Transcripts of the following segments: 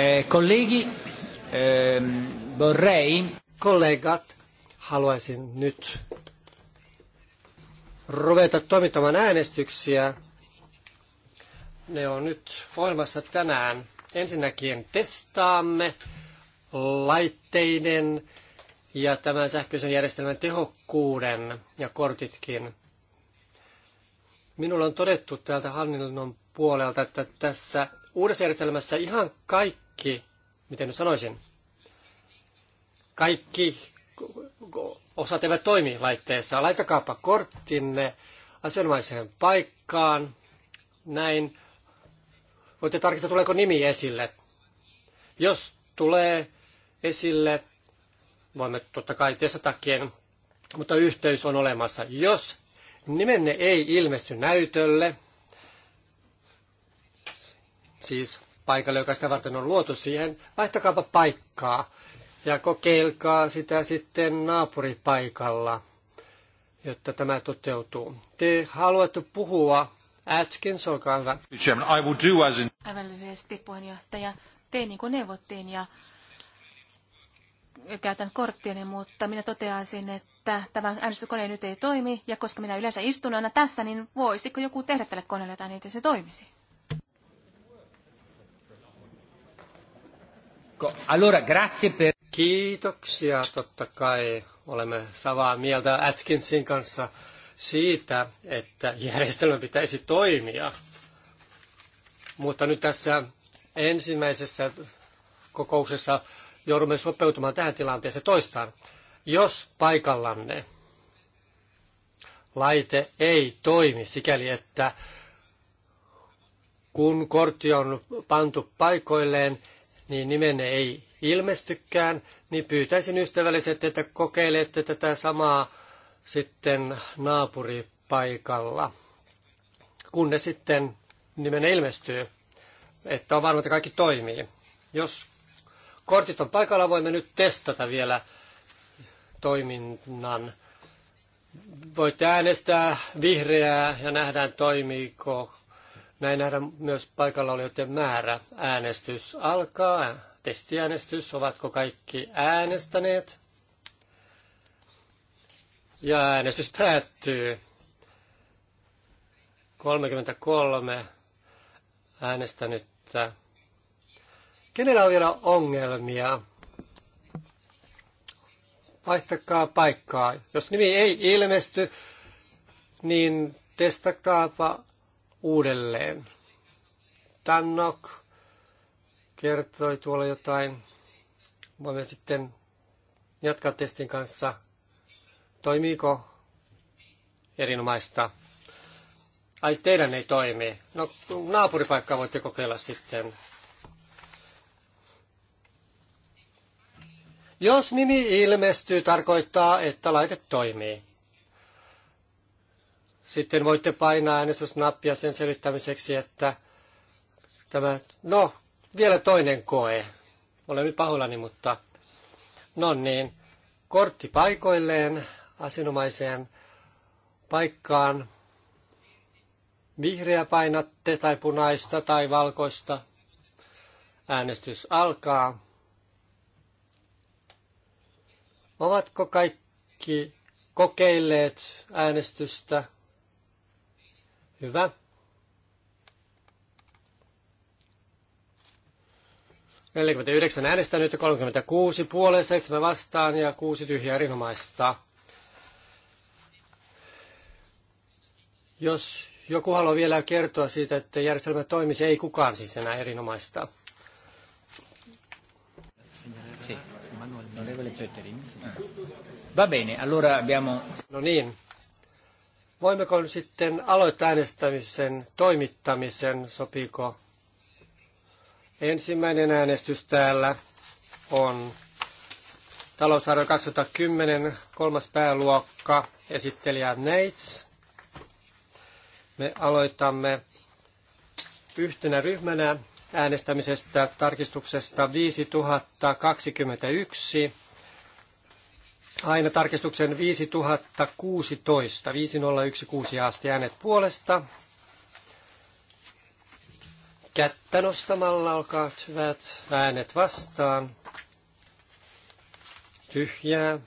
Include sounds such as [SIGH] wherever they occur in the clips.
Eh, kollegi, ehm, vorrei... Kollegat, haluaisin nyt ruveta toimittamaan äänestyksiä. Ne on nyt voimassa tänään. Ensinnäkin testaamme laitteiden ja tämän sähköisen järjestelmän tehokkuuden ja kortitkin. Minulla on todettu täältä hallinnon puolelta, että tässä uudessa järjestelmässä ihan kaikki kaikki, miten nyt sanoisin, kaikki osat eivät toimi laitteessa. Laitakaapa korttinne asianomaiseen paikkaan. Näin voitte tarkistaa, tuleeko nimi esille. Jos tulee esille, voimme totta kai testatakin, mutta yhteys on olemassa. Jos nimenne ei ilmesty näytölle, siis paikalle, joka sitä varten on luotu siihen, vaihtakaapa paikkaa ja kokeilkaa sitä sitten naapuripaikalla, jotta tämä toteutuu. Te haluatte puhua. Atkins, olkaa hyvä. Aivan lyhyesti, puheenjohtaja. Tein niin kuin neuvottiin ja käytän korttieni, mutta minä toteaisin, että tämä äänestyskone nyt ei toimi, ja koska minä yleensä istun aina tässä, niin voisiko joku tehdä tälle koneelle jotain, että se toimisi? Allora, grazie per... Kiitoksia, totta kai olemme samaa mieltä Atkinsin kanssa siitä, että järjestelmä pitäisi toimia. Mutta nyt tässä ensimmäisessä kokouksessa joudumme sopeutumaan tähän tilanteeseen toistaan. Jos paikallanne laite ei toimi sikäli, että kun kortti on pantu paikoilleen, niin nimenne ei ilmestykään, niin pyytäisin ystävälliset, että kokeilette tätä samaa sitten naapuripaikalla, kun ne sitten nimenne ilmestyy, että on varma, että kaikki toimii. Jos kortit on paikalla, voimme nyt testata vielä toiminnan. Voitte äänestää vihreää ja nähdään toimiiko näin nähdään myös paikalla olijoiden määrä. Äänestys alkaa, testiäänestys, ovatko kaikki äänestäneet? Ja äänestys päättyy. 33 äänestänyttä. Kenellä on vielä ongelmia? Vaihtakaa paikkaa. Jos nimi ei ilmesty, niin testakaapa uudelleen. Tannok kertoi tuolla jotain. Voimme sitten jatkaa testin kanssa. Toimiiko? Erinomaista. Ai teidän ei toimi. No naapuripaikkaa voitte kokeilla sitten. Jos nimi ilmestyy, tarkoittaa, että laite toimii. Sitten voitte painaa äänestysnappia sen selittämiseksi, että tämä, no, vielä toinen koe. Olen nyt pahoillani, mutta no niin, kortti paikoilleen asianomaiseen paikkaan. Vihreä painatte tai punaista tai valkoista. Äänestys alkaa. Ovatko kaikki kokeilleet äänestystä? Hyvä. Neljäkymmentäyhdeksän äänestänyt ja 36 puoleen, seitsemän vastaan ja kuusi tyhjää erinomaista. Jos joku haluaa vielä kertoa siitä, että järjestelmä toimisi, ei kukaan siis enää erinomaista. Va bene, allora abbiamo... No niin, Voimmeko sitten aloittaa äänestämisen toimittamisen, sopiiko? Ensimmäinen äänestys täällä on talousarvio 2010, kolmas pääluokka, esittelijä Neits. Me aloitamme yhtenä ryhmänä äänestämisestä tarkistuksesta 5021 aina tarkistuksen 5016, 5016 asti äänet puolesta. Kättä nostamalla, olkaa hyvät, äänet vastaan. Tyhjää.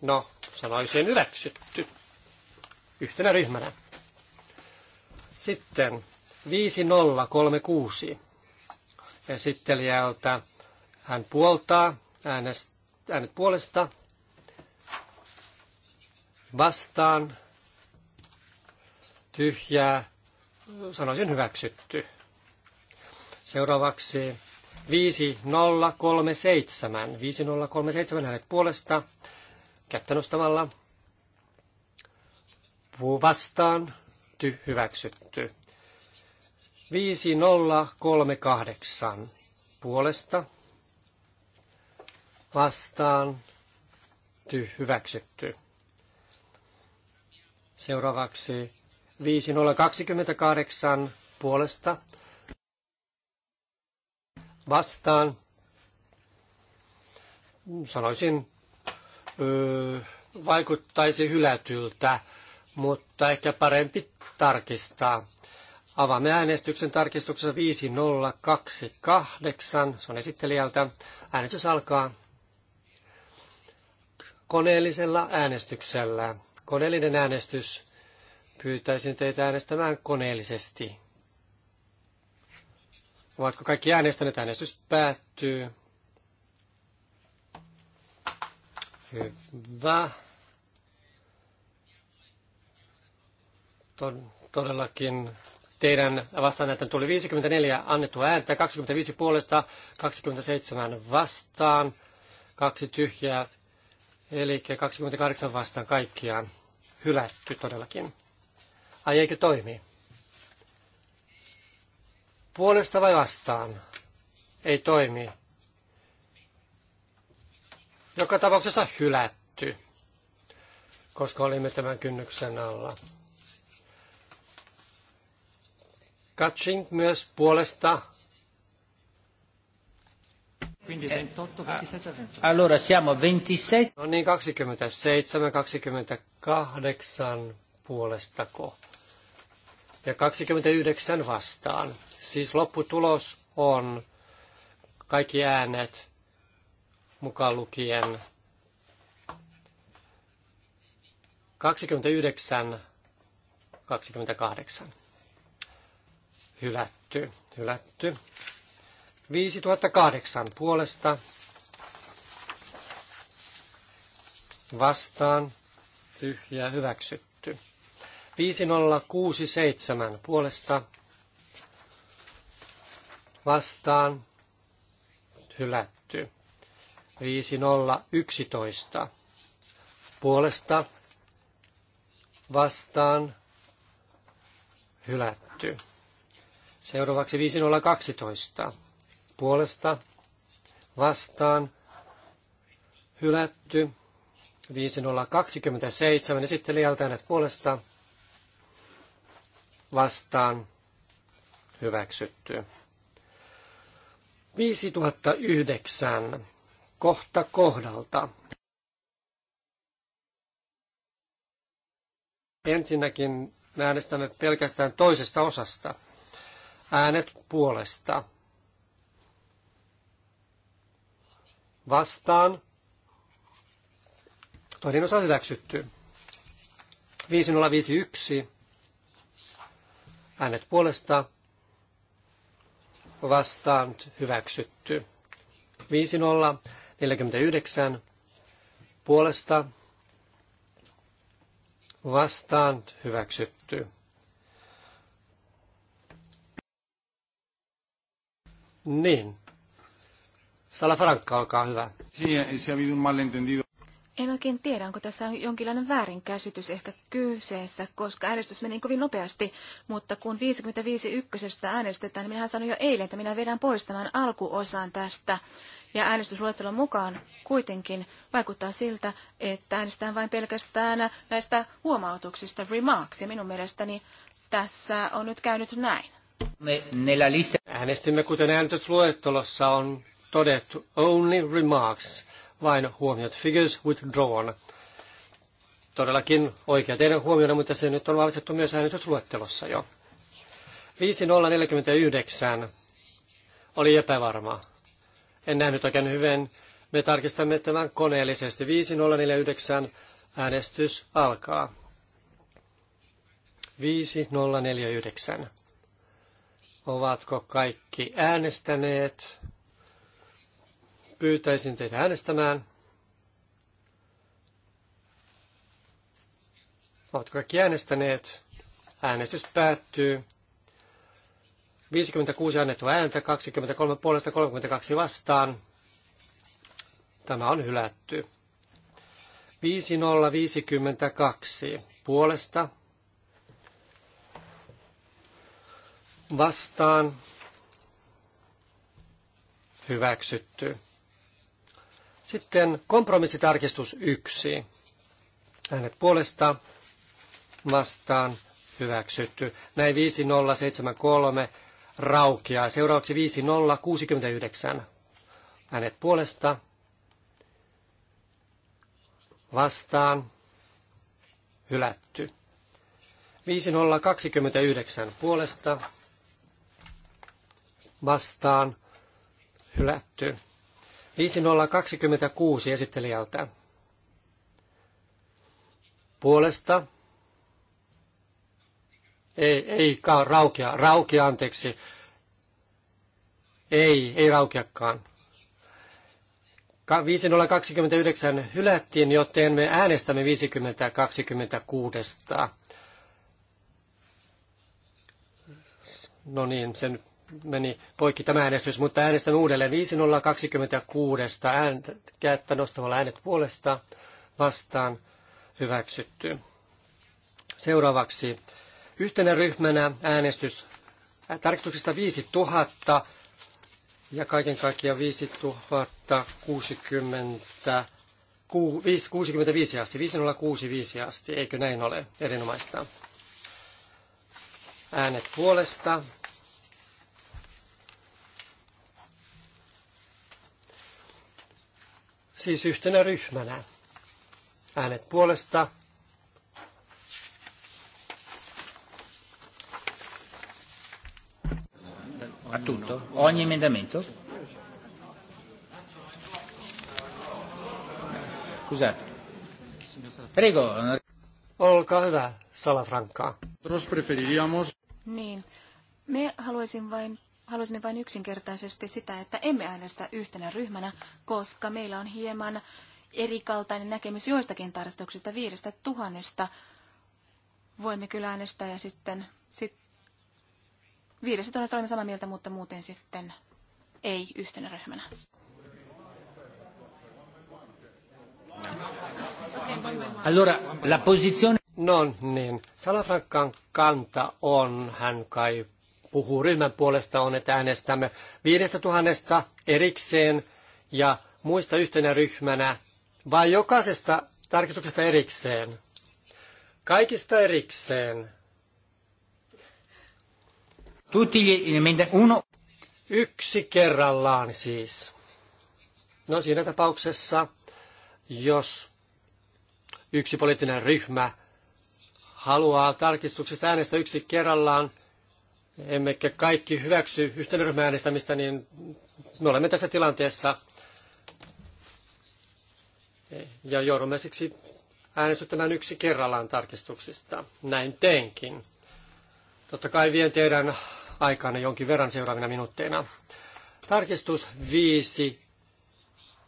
No, sanoisin hyväksytty. Yhtenä ryhmänä. Sitten 5036 esittelijältä. Hän puoltaa äänest, äänet puolesta vastaan tyhjää, sanoisin hyväksytty. Seuraavaksi 5037. 5037 hänet puolesta kättä nostamalla vastaan ty, hyväksytty. 5038 puolesta vastaan ty, hyväksytty. Seuraavaksi 5028 puolesta vastaan. Sanoisin, vaikuttaisi hylätyltä, mutta ehkä parempi tarkistaa. Avaamme äänestyksen tarkistuksessa 5028. Se on esittelijältä. Äänestys alkaa koneellisella äänestyksellä koneellinen äänestys. Pyytäisin teitä äänestämään koneellisesti. Ovatko kaikki äänestäneet? Äänestys päättyy. Hyvä. Todellakin teidän vastaanäytön tuli 54 annettua ääntä, 25 puolesta, 27 vastaan, kaksi tyhjää. Eli 28 vastaan kaikkiaan hylätty todellakin. Ai eikö toimi? Puolesta vai vastaan? Ei toimi. Joka tapauksessa hylätty, koska olimme tämän kynnyksen alla. Katsink myös puolesta Quindi 28, 27 28. Allora siamo 27. No niin, 27, 28 puolestako. Ja 29 vastaan. Siis lopputulos on kaikki äänet mukaan lukien 29, 28. Hylätty, hylätty. 5008 puolesta vastaan tyhjä hyväksytty. 5067 puolesta vastaan hylätty. 5011 puolesta vastaan hylätty. Seuraavaksi 5012 puolesta vastaan hylätty. 5027 esittelijältä äänet puolesta vastaan hyväksytty. 5009 kohta kohdalta. Ensinnäkin me äänestämme pelkästään toisesta osasta. Äänet puolesta vastaan. Toinen osa hyväksytty. 5051. Äänet puolesta vastaan hyväksytty. 5049 puolesta vastaan hyväksytty. Niin, Salafrankka, olkaa hyvä. En oikein tiedä, onko tässä jonkinlainen väärinkäsitys ehkä kyseessä, koska äänestys meni kovin nopeasti, mutta kun 55 ykkösestä äänestetään, niin minähän sanoin jo eilen, että minä vedän pois tämän alkuosan tästä. Ja äänestysluettelon mukaan kuitenkin vaikuttaa siltä, että äänestetään vain pelkästään näistä huomautuksista, remarks, ja minun mielestäni tässä on nyt käynyt näin. Me, lista... Äänestimme kuten äänestysluettelossa on todettu only remarks, vain huomiot, figures withdrawn. Todellakin oikea teidän huomiona, mutta se nyt on valitettu myös äänestysluettelossa jo. 5049 oli epävarma. En nähnyt oikein hyvin. Me tarkistamme tämän koneellisesti. 5049 äänestys alkaa. 5049. Ovatko kaikki äänestäneet? Pyytäisin teitä äänestämään. Oletko kaikki äänestäneet? Äänestys päättyy. 56 annettua ääntä, 23 puolesta 32 vastaan. Tämä on hylätty. 5052 puolesta vastaan hyväksytty. Sitten kompromissitarkistus yksi. Äänet puolesta vastaan hyväksytty. Näin 5073 raukeaa. Seuraavaksi 5069. Äänet puolesta vastaan hylätty. 5029 puolesta vastaan hylätty. 5026 esittelijältä. Puolesta. Ei, ei raukea, raukea anteeksi. Ei, ei raukeakaan. 5029 hylättiin, joten me äänestämme 5026. No niin, sen meni poikki tämä äänestys, mutta äänestän uudelleen 5026 ääntä, kättä nostamalla äänet puolesta vastaan hyväksytty. Seuraavaksi yhtenä ryhmänä äänestys tarkistuksesta 5000 ja kaiken kaikkiaan 5060 65 asti, 5065 asti, eikö näin ole? Erinomaista. Äänet puolesta, siis yhtenä ryhmänä. Äänet puolesta. A tutto? Ogni emendamento? Scusate. Prego. Olkaa hyvä, Salafranca. Niin, me haluaisin vain haluaisimme vain yksinkertaisesti sitä, että emme äänestä yhtenä ryhmänä, koska meillä on hieman erikaltainen näkemys joistakin tarkistuksista viidestä tuhannesta. Voimme kyllä äänestää ja sitten sit, viidestä tuhannesta olemme samaa mieltä, mutta muuten sitten ei yhtenä ryhmänä. Allora, la posizione... No niin, Salafrankan kanta on, hän kaipaa puhuu ryhmän puolesta, on, että äänestämme viidestä tuhannesta erikseen ja muista yhtenä ryhmänä, vai jokaisesta tarkistuksesta erikseen? Kaikista erikseen. Yksi kerrallaan siis. No siinä tapauksessa, jos yksi poliittinen ryhmä haluaa tarkistuksesta äänestä yksi kerrallaan, emmekä kaikki hyväksy yhtenä ryhmän äänestämistä, niin me olemme tässä tilanteessa ja joudumme siksi äänestyttämään yksi kerrallaan tarkistuksista. Näin teenkin. Totta kai vien teidän aikana jonkin verran seuraavina minuutteina. Tarkistus 5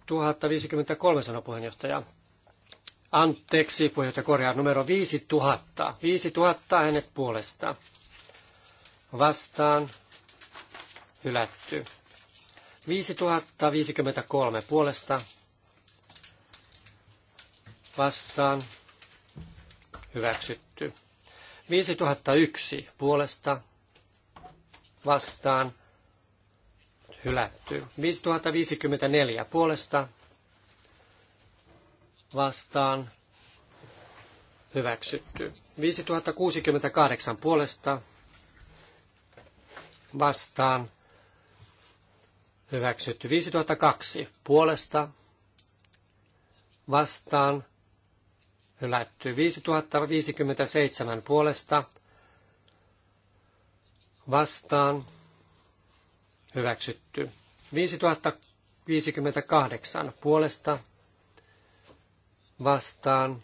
1053 sanoi puheenjohtaja. Anteeksi, puheenjohtaja korjaa numero 5000. 5000 hänet puolesta vastaan hylätty. 5053 puolesta vastaan hyväksytty. 5001 puolesta vastaan hylätty. 5054 puolesta vastaan hyväksytty. 5068 puolesta vastaan hyväksytty. 5002 puolesta vastaan hylätty. 5057 puolesta vastaan hyväksytty. 5058 puolesta vastaan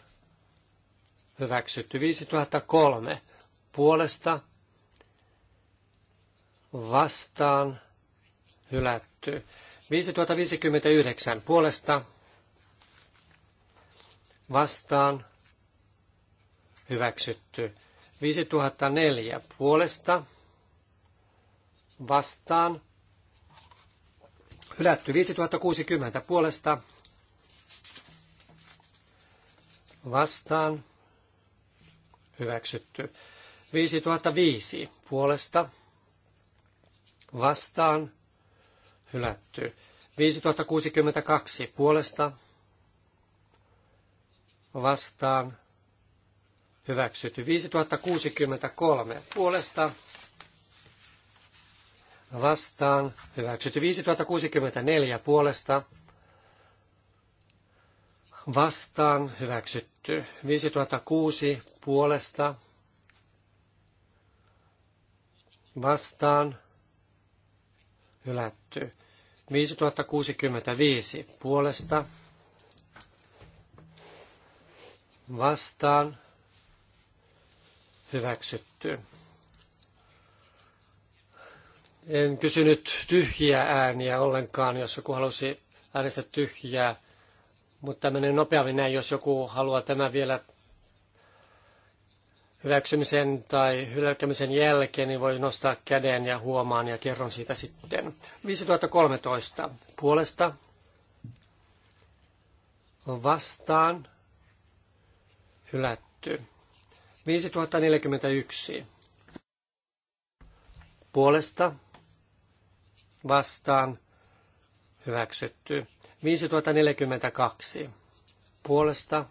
hyväksytty. 5003 puolesta vastaan hylätty. 5059 puolesta vastaan hyväksytty. 5004 puolesta vastaan hylätty. 5060 puolesta vastaan hyväksytty. 5005 puolesta vastaan hylätty. 5062 puolesta vastaan hyväksytty. 5063 puolesta vastaan hyväksytty. 5064 puolesta vastaan hyväksytty. 5006 puolesta vastaan hylätty. 5065 puolesta vastaan hyväksytty. En kysynyt tyhjiä ääniä ollenkaan, jos joku halusi äänestää tyhjää, mutta menee nopeammin näin, jos joku haluaa tämän vielä hyväksymisen tai hylkäämisen jälkeen, niin voi nostaa käden ja huomaan ja kerron siitä sitten. 5013 puolesta vastaan hylätty. 5041 puolesta vastaan hyväksytty. 5042 puolesta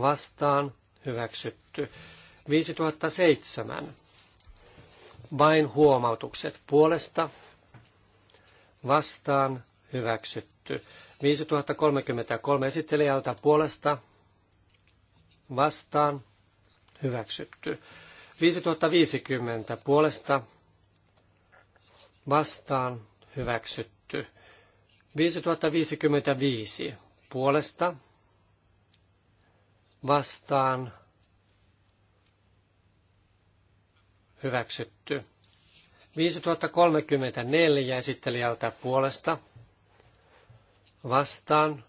vastaan hyväksytty. 5007. Vain huomautukset puolesta vastaan hyväksytty. 5033 esittelijältä puolesta vastaan hyväksytty. 5050 puolesta vastaan hyväksytty. 5055 puolesta vastaan hyväksytty. 5034 esittelijältä puolesta vastaan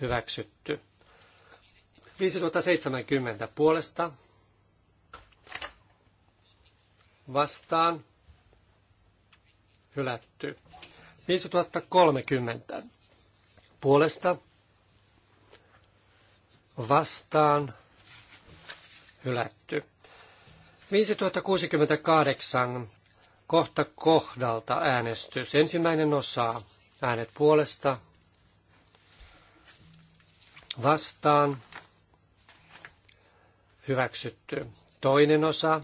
hyväksytty. 5070 puolesta vastaan hylätty. 5030 puolesta vastaan hylätty. 5068 kohta kohdalta äänestys. Ensimmäinen osa äänet puolesta vastaan hyväksytty. Toinen osa.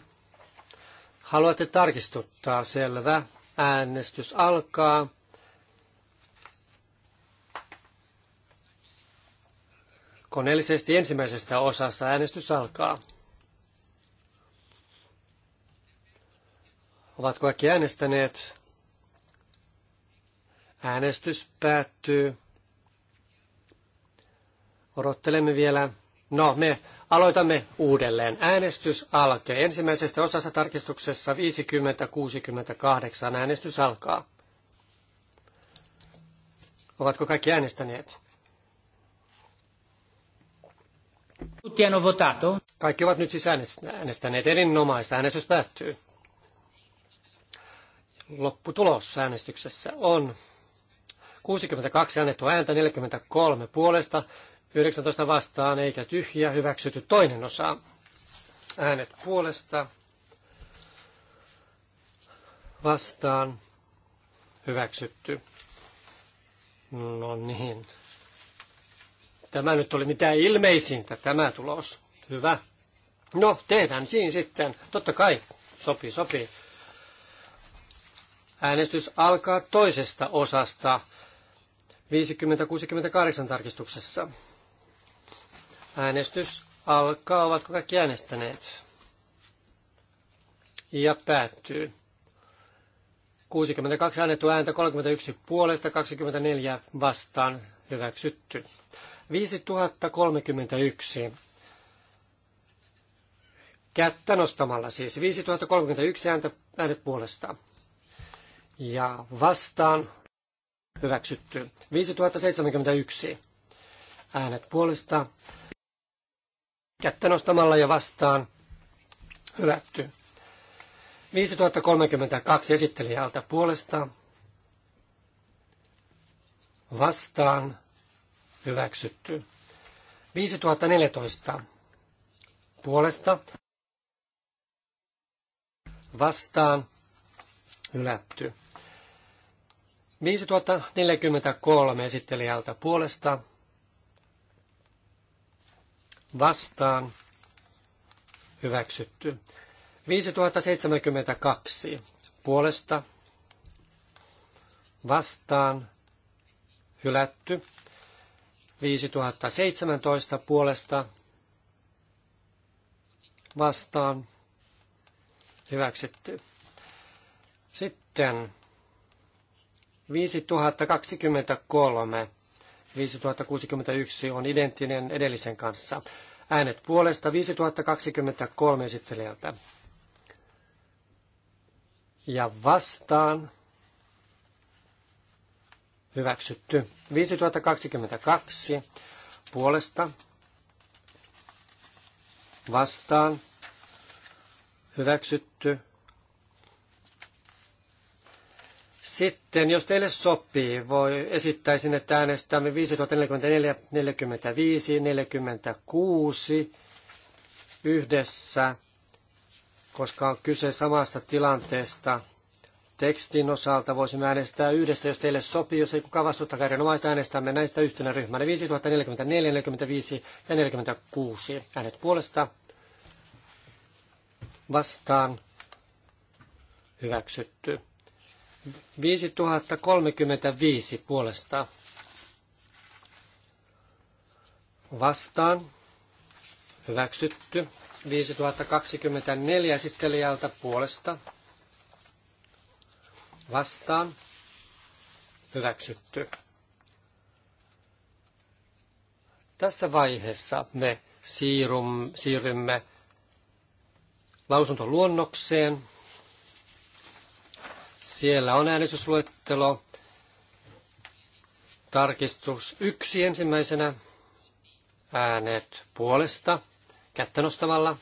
Haluatte tarkistuttaa, selvä. Äänestys alkaa Koneellisesti ensimmäisestä osasta äänestys alkaa. Ovatko kaikki äänestäneet? Äänestys päättyy. Odottelemme vielä. No, me aloitamme uudelleen. Äänestys alkaa. Ensimmäisestä osasta tarkistuksessa 50-68 äänestys alkaa. Ovatko kaikki äänestäneet? Tutti hanno votato? Kaikki ovat nyt siis äänestäneet. Erinomaista. Äänestys päättyy. Lopputulos äänestyksessä on 62 annettua ääntä, 43 puolesta, 19 vastaan eikä tyhjä, hyväksytty toinen osa. Äänet puolesta, vastaan, hyväksytty. No niin, Tämä nyt oli mitä ilmeisintä, tämä tulos. Hyvä. No, tehdään siinä sitten. Totta kai, sopii, sopii. Äänestys alkaa toisesta osasta 50-68 tarkistuksessa. Äänestys alkaa, ovatko kaikki äänestäneet? Ja päättyy. 62 äänettä ääntä, 31 puolesta, 24 vastaan hyväksytty. 5031. Kättä nostamalla siis. 5031 ääntä, äänet puolesta. Ja vastaan hyväksytty. 5071 äänet puolesta. Kättä nostamalla ja vastaan hylätty. 5032 esittelijältä puolesta vastaan hyväksytty. 5014 puolesta vastaan hylätty. 5043 esittelijältä puolesta vastaan hyväksytty. 5072 puolesta vastaan hylätty. 5017 puolesta vastaan hyväksytty. Sitten 5023, 5061 on identtinen edellisen kanssa. Äänet puolesta 5023 esittelijältä. Ja vastaan hyväksytty. 5022 puolesta vastaan hyväksytty. Sitten, jos teille sopii, voi esittäisin, että äänestämme 5044, 45, 46 yhdessä, koska on kyse samasta tilanteesta – tekstin osalta voisimme äänestää yhdessä, jos teille sopii. Jos ei kukaan käy erinomaista, äänestämme näistä yhtenä ryhmänä 5044, 45 ja 46. Äänet puolesta vastaan hyväksytty. 5035 puolesta vastaan hyväksytty. 5024 esittelijältä puolesta vastaan hyväksytty. Tässä vaiheessa me siirrum, siirrymme lausuntoluonnokseen. Siellä on äänestysluettelo. Tarkistus yksi ensimmäisenä. Äänet puolesta kättä nostamalla.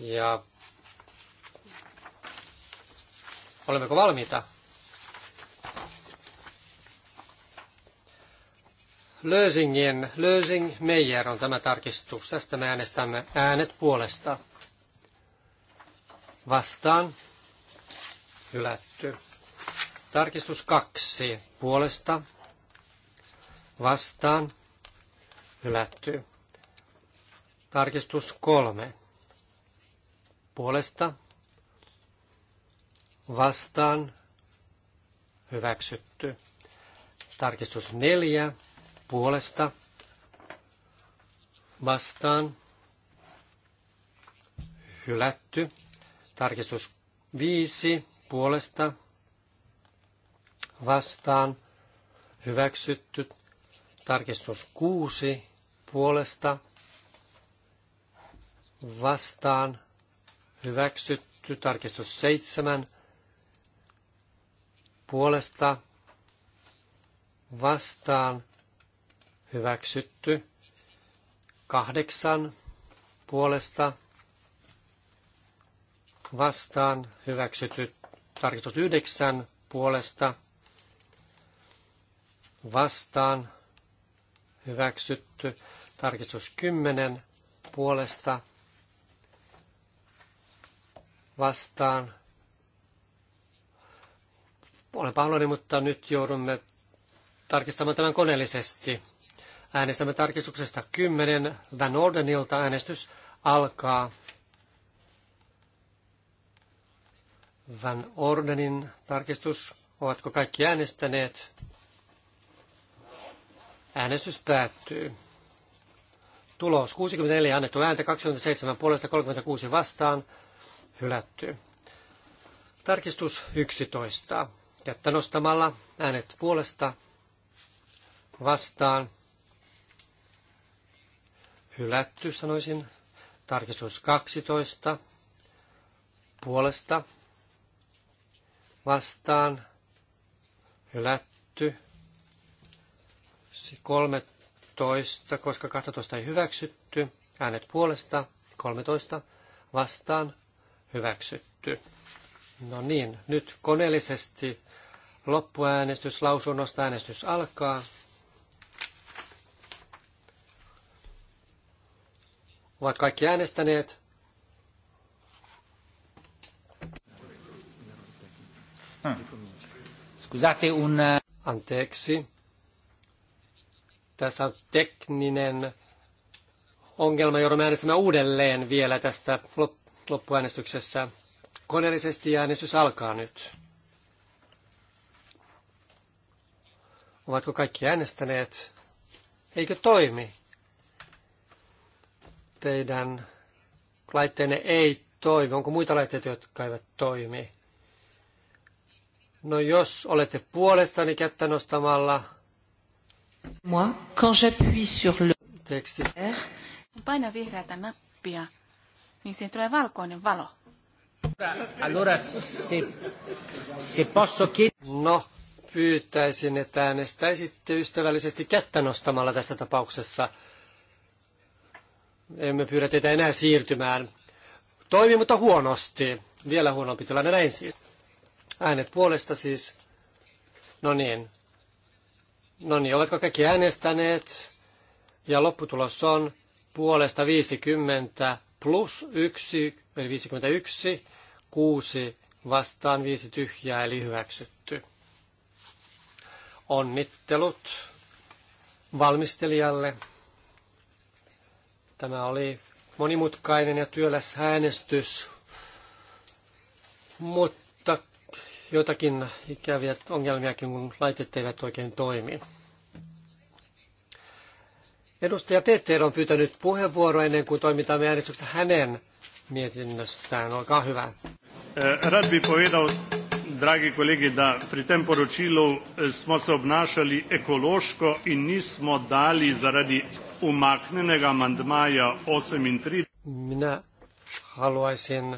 Ja Olemmeko valmiita? Lösingin, Lösing Meijer on tämä tarkistus. Tästä me äänestämme äänet puolesta. Vastaan. Hylätty. Tarkistus kaksi. Puolesta. Vastaan. Hylätty. Tarkistus kolme. Puolesta vastaan hyväksytty. Tarkistus neljä puolesta vastaan hylätty. Tarkistus viisi puolesta vastaan hyväksytty. Tarkistus kuusi puolesta vastaan hyväksytty. Tarkistus seitsemän puolesta vastaan hyväksytty. Kahdeksan puolesta vastaan hyväksytty. Tarkistus yhdeksän puolesta vastaan hyväksytty. Tarkistus kymmenen puolesta vastaan olen pahoillani, mutta nyt joudumme tarkistamaan tämän koneellisesti. Äänestämme tarkistuksesta 10 Van Ordenilta. Äänestys alkaa. Van Ordenin tarkistus. Ovatko kaikki äänestäneet? Äänestys päättyy. Tulos 64 annettu ääntä, 27 puolesta 36 vastaan, hylätty. Tarkistus 11 kättä nostamalla äänet puolesta vastaan. Hylätty, sanoisin. Tarkistus 12 puolesta vastaan. Hylätty. 13, koska 12 ei hyväksytty. Äänet puolesta 13 vastaan hyväksytty. No niin, nyt koneellisesti Loppuäänestys lausunnosta äänestys alkaa. Ovat kaikki äänestäneet. Scusate un... Eh, Anteeksi. Tässä on tekninen ongelma, joudumme äänestämään uudelleen vielä tästä loppuäänestyksessä. Koneellisesti äänestys alkaa nyt. Ovatko kaikki äänestäneet? Eikö toimi? Teidän laitteenne ei toimi. Onko muita laitteita, jotka eivät toimi? No jos olette puolestani kättä nostamalla. Moi, quand j'appuie sur le... Teksti. Paina painan vihreätä nappia, niin siihen tulee valkoinen valo. Allora, se, se posso chied... No, pyytäisin, että äänestäisitte ystävällisesti kättä nostamalla tässä tapauksessa. Emme pyydä teitä enää siirtymään. Toimi, mutta huonosti. Vielä huonompi tilanne näin siis. Äänet puolesta siis. No niin. No niin, oletko kaikki äänestäneet? Ja lopputulos on puolesta 50 plus 1, eli 51, 6 vastaan 5 tyhjää, eli hyväksyt. Onnittelut valmistelijalle. Tämä oli monimutkainen ja työläs äänestys, mutta jotakin ikäviä ongelmiakin, kun laitteet eivät oikein toimi. Edustaja Peter on pyytänyt puheenvuoroa ennen kuin toimitaan äänestyksessä hänen mietinnöstään. Olkaa hyvä. Eh, rad bi dragi kolegi, da pri tem poročilu eh, smo se obnašali ekološko in nismo dali zaradi umaknenega mandmaja 38. Minä haluaisin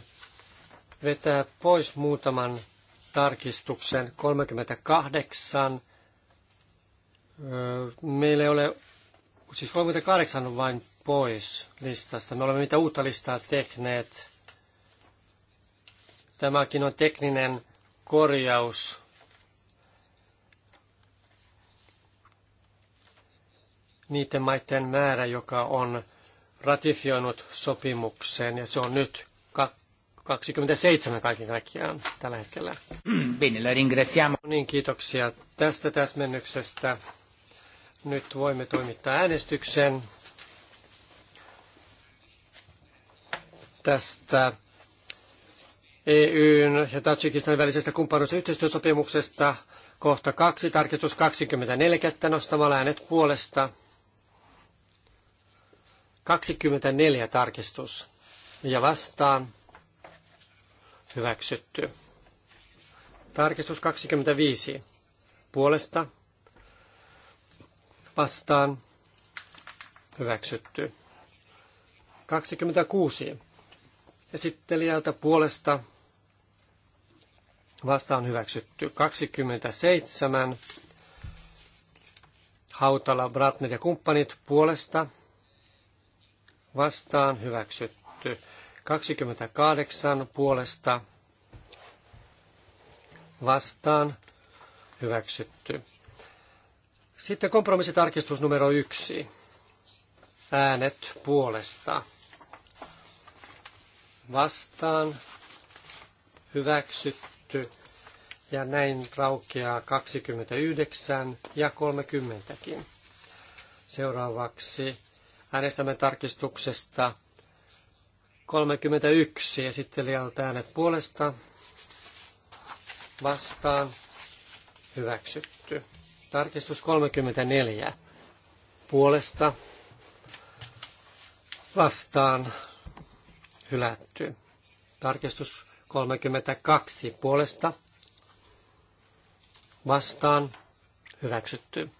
vetää pois muutaman tarkistuksen 38. Eh, meillä ei ole, siis 38 on vain pois listasta. Me olemme mitä uutta listaa tehneet. Tämäkin on tekninen korjaus. Niiden maiden määrä, joka on ratifioinut sopimuksen, ja se on nyt 27 kaiken kaikkiaan tällä hetkellä. Bene, la ringraziamo. No niin, kiitoksia tästä täsmennyksestä. Nyt voimme toimittaa äänestyksen tästä EUn ja Tatsikistan välisestä kumppanuus- ja yhteistyösopimuksesta. Kohta kaksi, tarkistus 24 nostamalla äänet puolesta. 24 tarkistus ja vastaan hyväksytty. Tarkistus 25 puolesta vastaan hyväksytty. 26 esittelijältä puolesta vastaan hyväksytty 27. Hautala, Bratner ja kumppanit puolesta vastaan hyväksytty 28 puolesta vastaan hyväksytty. Sitten kompromissitarkistus numero yksi. Äänet puolesta. Vastaan hyväksytty hyväksytty ja näin raukeaa 29 ja 30kin. Seuraavaksi äänestämme tarkistuksesta 31 esittelijältä äänet puolesta vastaan hyväksytty. Tarkistus 34 puolesta vastaan hylätty. Tarkistus 32 puolesta vastaan hyväksytty.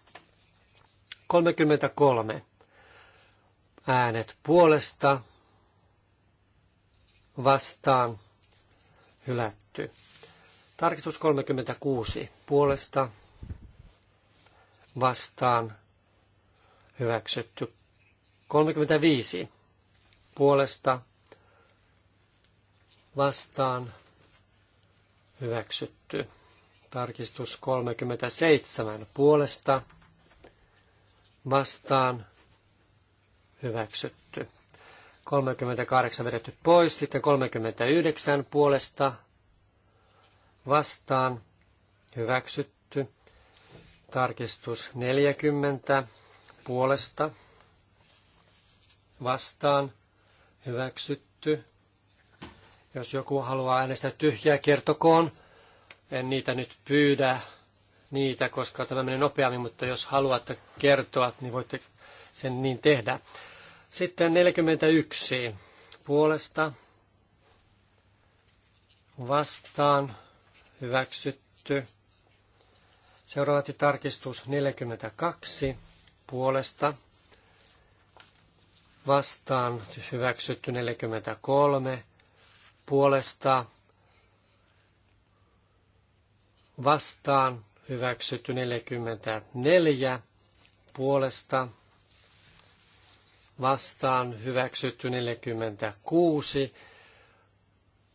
33 äänet puolesta vastaan hylätty. Tarkistus 36 puolesta vastaan hyväksytty. 35 puolesta vastaan hyväksytty. Tarkistus 37 puolesta vastaan hyväksytty. 38 vedetty pois, sitten 39 puolesta vastaan hyväksytty. Tarkistus 40 puolesta vastaan hyväksytty. Jos joku haluaa äänestää tyhjää, kertokoon. En niitä nyt pyydä niitä, koska tämä menee nopeammin, mutta jos haluatte kertoa, niin voitte sen niin tehdä. Sitten 41 puolesta vastaan hyväksytty. Seuraavati tarkistus 42 puolesta vastaan hyväksytty 43 puolesta vastaan hyväksytty 44 puolesta vastaan hyväksytty 46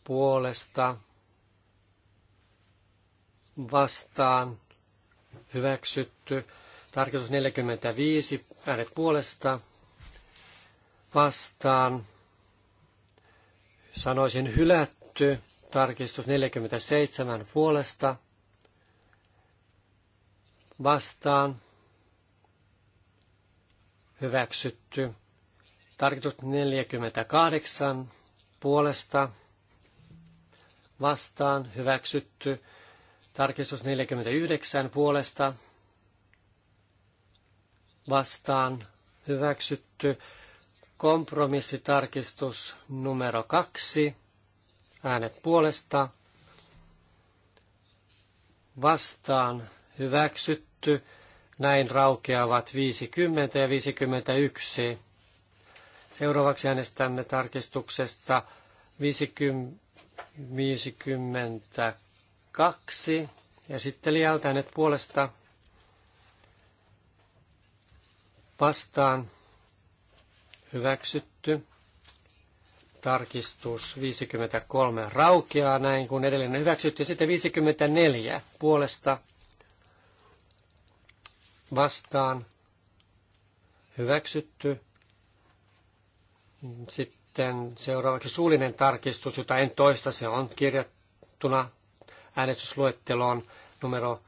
puolesta vastaan hyväksytty tarkoitus 45 äänet puolesta vastaan Sanoisin hylätty. Tarkistus 47 puolesta vastaan hyväksytty. Tarkistus 48 puolesta vastaan hyväksytty. Tarkistus 49 puolesta vastaan hyväksytty. Kompromissitarkistus numero kaksi. Äänet puolesta. Vastaan hyväksytty. Näin raukeavat 50 ja 51. Seuraavaksi äänestämme tarkistuksesta 50, 52. Esittelijältä äänet puolesta vastaan hyväksytty. Tarkistus 53 raukeaa näin kuin edellinen hyväksytty. Sitten 54 puolesta vastaan hyväksytty. Sitten seuraavaksi suullinen tarkistus, jota en toista, se on kirjattuna äänestysluetteloon numero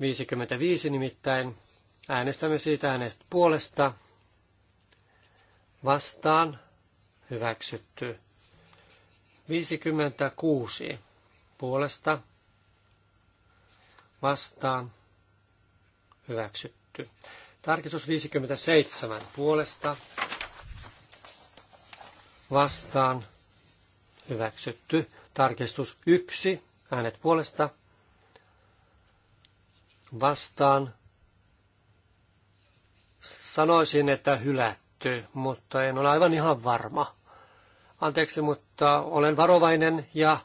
55 nimittäin. Äänestämme siitä äänestä puolesta vastaan hyväksytty. 56 puolesta vastaan hyväksytty. Tarkistus 57 puolesta vastaan hyväksytty. Tarkistus 1 äänet puolesta vastaan sanoisin, että hylätty hyväksytty, mutta en ole aivan ihan varma. Anteeksi, mutta olen varovainen ja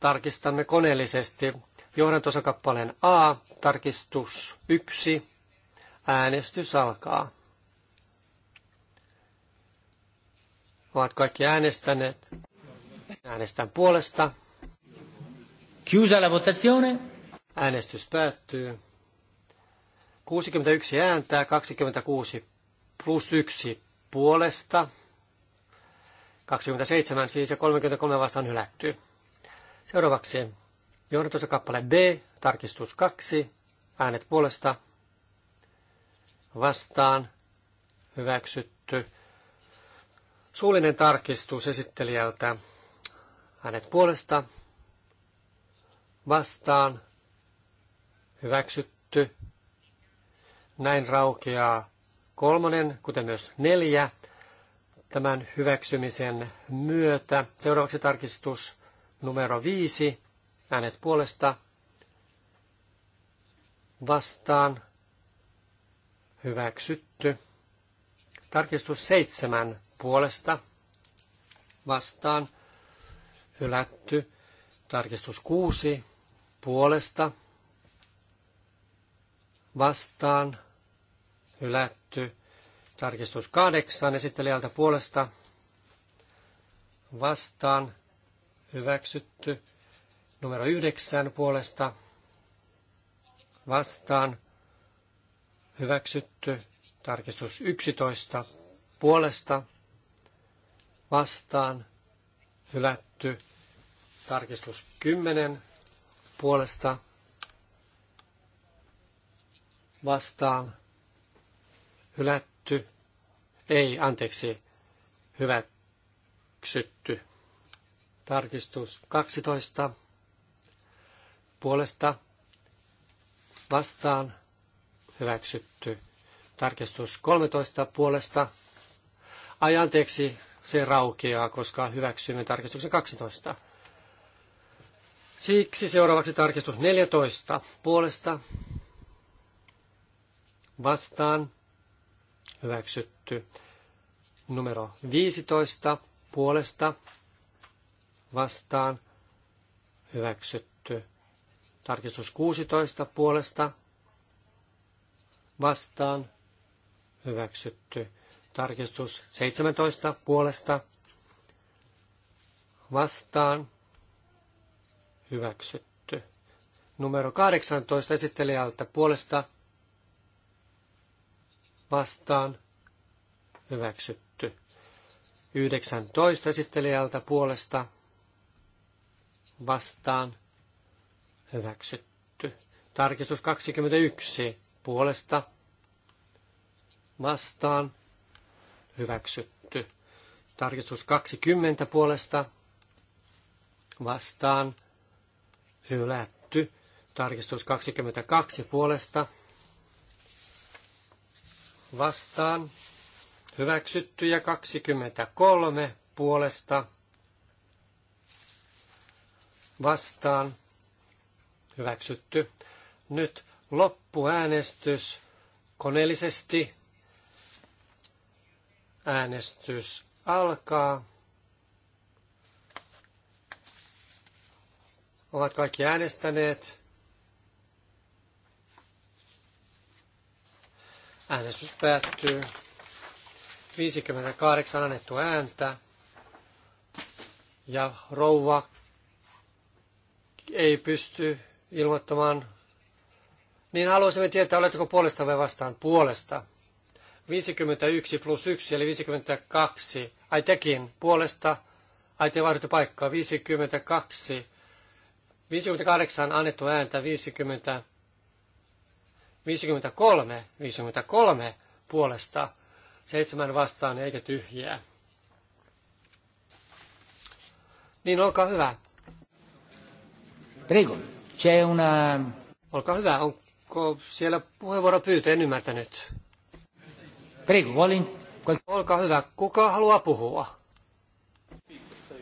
tarkistamme koneellisesti johdantosakappaleen A, tarkistus 1, äänestys alkaa. Ovat kaikki äänestäneet. Äänestän puolesta. Chiusa la votazione. Äänestys päättyy. 61 ääntä, 26 plus yksi puolesta, 27 siis ja 33 vastaan hylätty. Seuraavaksi johdatus kappale B, tarkistus 2, äänet puolesta, vastaan, hyväksytty. Suullinen tarkistus esittelijältä, äänet puolesta, vastaan, hyväksytty. Näin raukeaa kolmonen, kuten myös neljä, tämän hyväksymisen myötä. Seuraavaksi tarkistus numero viisi, äänet puolesta vastaan hyväksytty. Tarkistus seitsemän puolesta vastaan hylätty. Tarkistus kuusi puolesta vastaan hylätty hylätty. Tarkistus kahdeksan esittelijältä puolesta vastaan hyväksytty. Numero yhdeksän puolesta vastaan hyväksytty. Tarkistus yksitoista puolesta vastaan hylätty. Tarkistus kymmenen puolesta vastaan hylätty, ei, anteeksi, hyväksytty. Tarkistus 12 puolesta vastaan hyväksytty. Tarkistus 13 puolesta. Ai anteeksi, se raukeaa, koska hyväksymme tarkistuksen 12. Siksi seuraavaksi tarkistus 14 puolesta vastaan hyväksytty. Numero 15 puolesta vastaan hyväksytty. Tarkistus 16 puolesta vastaan hyväksytty. Tarkistus 17 puolesta vastaan hyväksytty. Numero 18 esittelijältä puolesta vastaan hyväksytty. 19 esittelijältä puolesta vastaan hyväksytty. Tarkistus 21 puolesta vastaan hyväksytty. Tarkistus 20 puolesta vastaan hylätty. Tarkistus 22 puolesta vastaan, Hyväksyttyjä 23 puolesta vastaan, hyväksytty. Nyt loppuäänestys koneellisesti. Äänestys alkaa. Ovat kaikki äänestäneet. Äänestys päättyy. 58 annettu ääntä. Ja rouva ei pysty ilmoittamaan. Niin haluaisimme tietää, oletteko puolesta vai vastaan puolesta. 51 plus 1 eli 52. Ai tekin puolesta. Ai te vaihdutte paikkaa. 52. 58 annettu ääntä. 50 53, 53 puolesta, seitsemän vastaan eikä tyhjää. Niin, olkaa hyvä. Prego, c'è una... Olkaa hyvä, onko siellä puheenvuoro pyytö, en ymmärtänyt. Prego, vuolin... Olkaa hyvä, kuka haluaa puhua?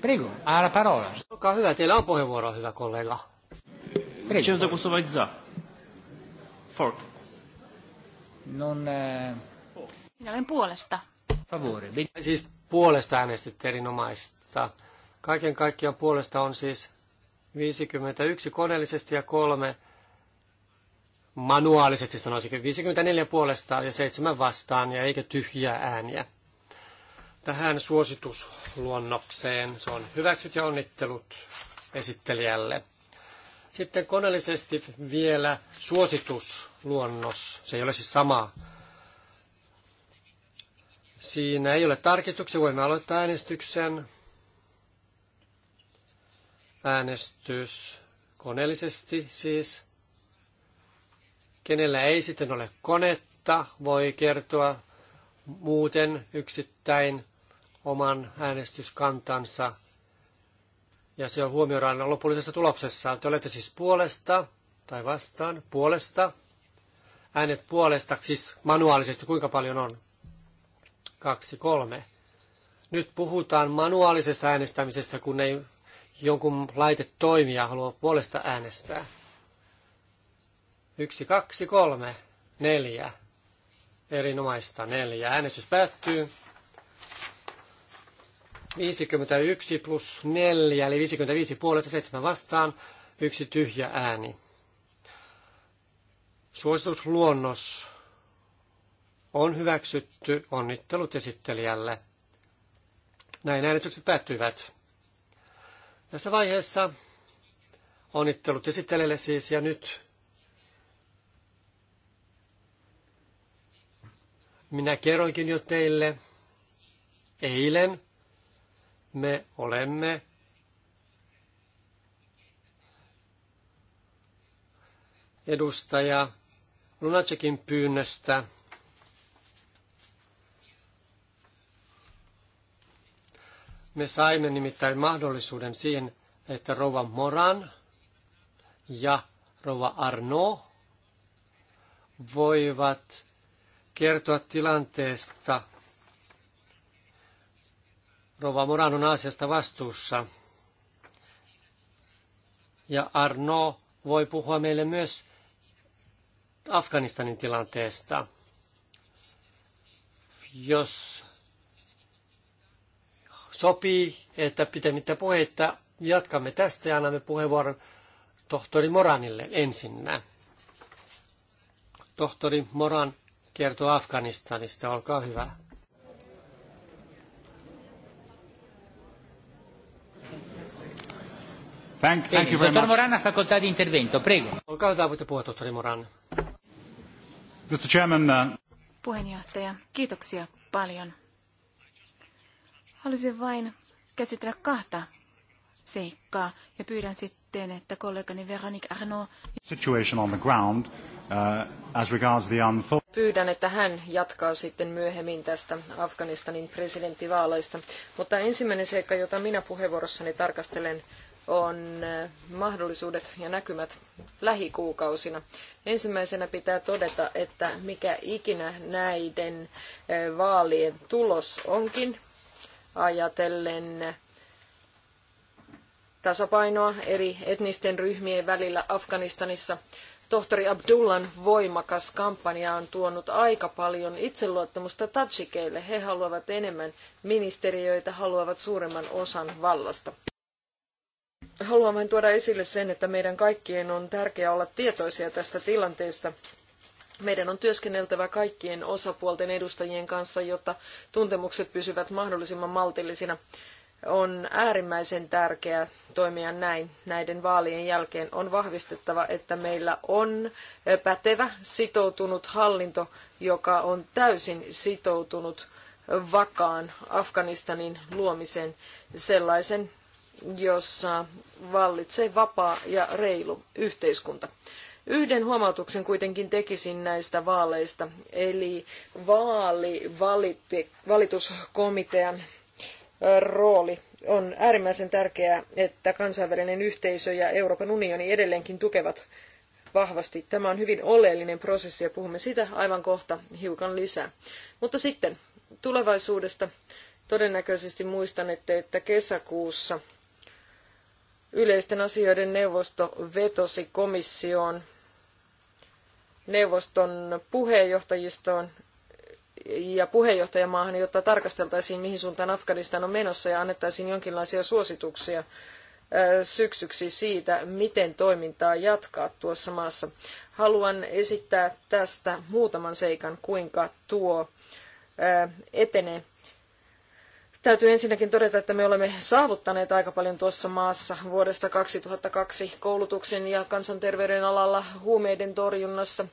Prego, ha la parola. Olkaa hyvä, teillä on puheenvuoro, hyvä kollega. Prego. Chciałem zagłosować za. Fork. Non... Eh, Minä olen puolesta. Favore. Siis puolesta äänestit erinomaista. Kaiken kaikkiaan puolesta on siis 51 koneellisesti ja kolme manuaalisesti sanoisin, 54 puolesta ja seitsemän vastaan ja eikä tyhjiä ääniä. Tähän suositusluonnokseen se on hyväksyt ja onnittelut esittelijälle. Sitten koneellisesti vielä suositus luonnos. Se ei ole siis sama. Siinä ei ole tarkistuksia. Voimme aloittaa äänestyksen. Äänestys koneellisesti siis. Kenellä ei sitten ole konetta, voi kertoa muuten yksittäin oman äänestyskantansa. Ja se on huomioidaan lopullisessa tuloksessa. Te olette siis puolesta tai vastaan puolesta äänet puolesta, siis manuaalisesti kuinka paljon on? Kaksi, kolme. Nyt puhutaan manuaalisesta äänestämisestä, kun ei jonkun laite toimia halua puolesta äänestää. Yksi, kaksi, kolme, neljä. Erinomaista, neljä. Äänestys päättyy. 51 plus 4, eli 55 puolesta, 7 vastaan, yksi tyhjä ääni. Suositusluonnos on hyväksytty. Onnittelut esittelijälle. Näin äänestykset päättyivät. Tässä vaiheessa onnittelut esittelijälle siis ja nyt minä kerroinkin jo teille eilen. Me olemme edustaja Lunacekin pyynnöstä. Me saimme nimittäin mahdollisuuden siihen, että rouva Moran ja rouva Arno voivat kertoa tilanteesta. Rova Moran on asiasta vastuussa. Ja Arno voi puhua meille myös Afganistanin tilanteesta. Jos sopii, että pitemmittä puheita jatkamme tästä ja annamme puheenvuoron tohtori Moranille ensinnä. Tohtori Moran kertoo Afganistanista, olkaa hyvä. Thank, thank you very much. Dottor Moran ha facoltà di intervento, prego. Olkaa hyvä, voitte puhua, tohtori Moran. Mr. Chairman, uh... Puheenjohtaja, kiitoksia paljon. Haluaisin vain käsitellä kahta seikkaa ja pyydän sitten, että kollegani Veronique Arnaud... Situation on the ground, uh, as regards the unfold... Pyydän, että hän jatkaa sitten myöhemmin tästä Afganistanin presidenttivaaleista. Mutta ensimmäinen seikka, jota minä puheenvuorossani tarkastelen, on mahdollisuudet ja näkymät lähikuukausina. Ensimmäisenä pitää todeta, että mikä ikinä näiden vaalien tulos onkin, ajatellen tasapainoa eri etnisten ryhmien välillä Afganistanissa. Tohtori Abdullan voimakas kampanja on tuonut aika paljon itseluottamusta tatsikeille. He haluavat enemmän ministeriöitä, haluavat suuremman osan vallasta. Haluan vain tuoda esille sen, että meidän kaikkien on tärkeää olla tietoisia tästä tilanteesta. Meidän on työskenneltävä kaikkien osapuolten edustajien kanssa, jotta tuntemukset pysyvät mahdollisimman maltillisina. On äärimmäisen tärkeää toimia näin näiden vaalien jälkeen. On vahvistettava, että meillä on pätevä, sitoutunut hallinto, joka on täysin sitoutunut vakaan Afganistanin luomiseen sellaisen jossa vallitsee vapaa ja reilu yhteiskunta. Yhden huomautuksen kuitenkin tekisin näistä vaaleista, eli vaalivalituskomitean rooli on äärimmäisen tärkeää, että kansainvälinen yhteisö ja Euroopan unioni edelleenkin tukevat vahvasti. Tämä on hyvin oleellinen prosessi ja puhumme sitä aivan kohta hiukan lisää. Mutta sitten tulevaisuudesta todennäköisesti muistanette, että kesäkuussa – Yleisten asioiden neuvosto vetosi komissioon, neuvoston puheenjohtajistoon ja puheenjohtajamaahan, jotta tarkasteltaisiin, mihin suuntaan Afganistan on menossa ja annettaisiin jonkinlaisia suosituksia syksyksi siitä, miten toimintaa jatkaa tuossa maassa. Haluan esittää tästä muutaman seikan, kuinka tuo etenee. Täytyy ensinnäkin todeta, että me olemme saavuttaneet aika paljon tuossa maassa vuodesta 2002 koulutuksen ja kansanterveyden alalla huumeiden torjunnassa.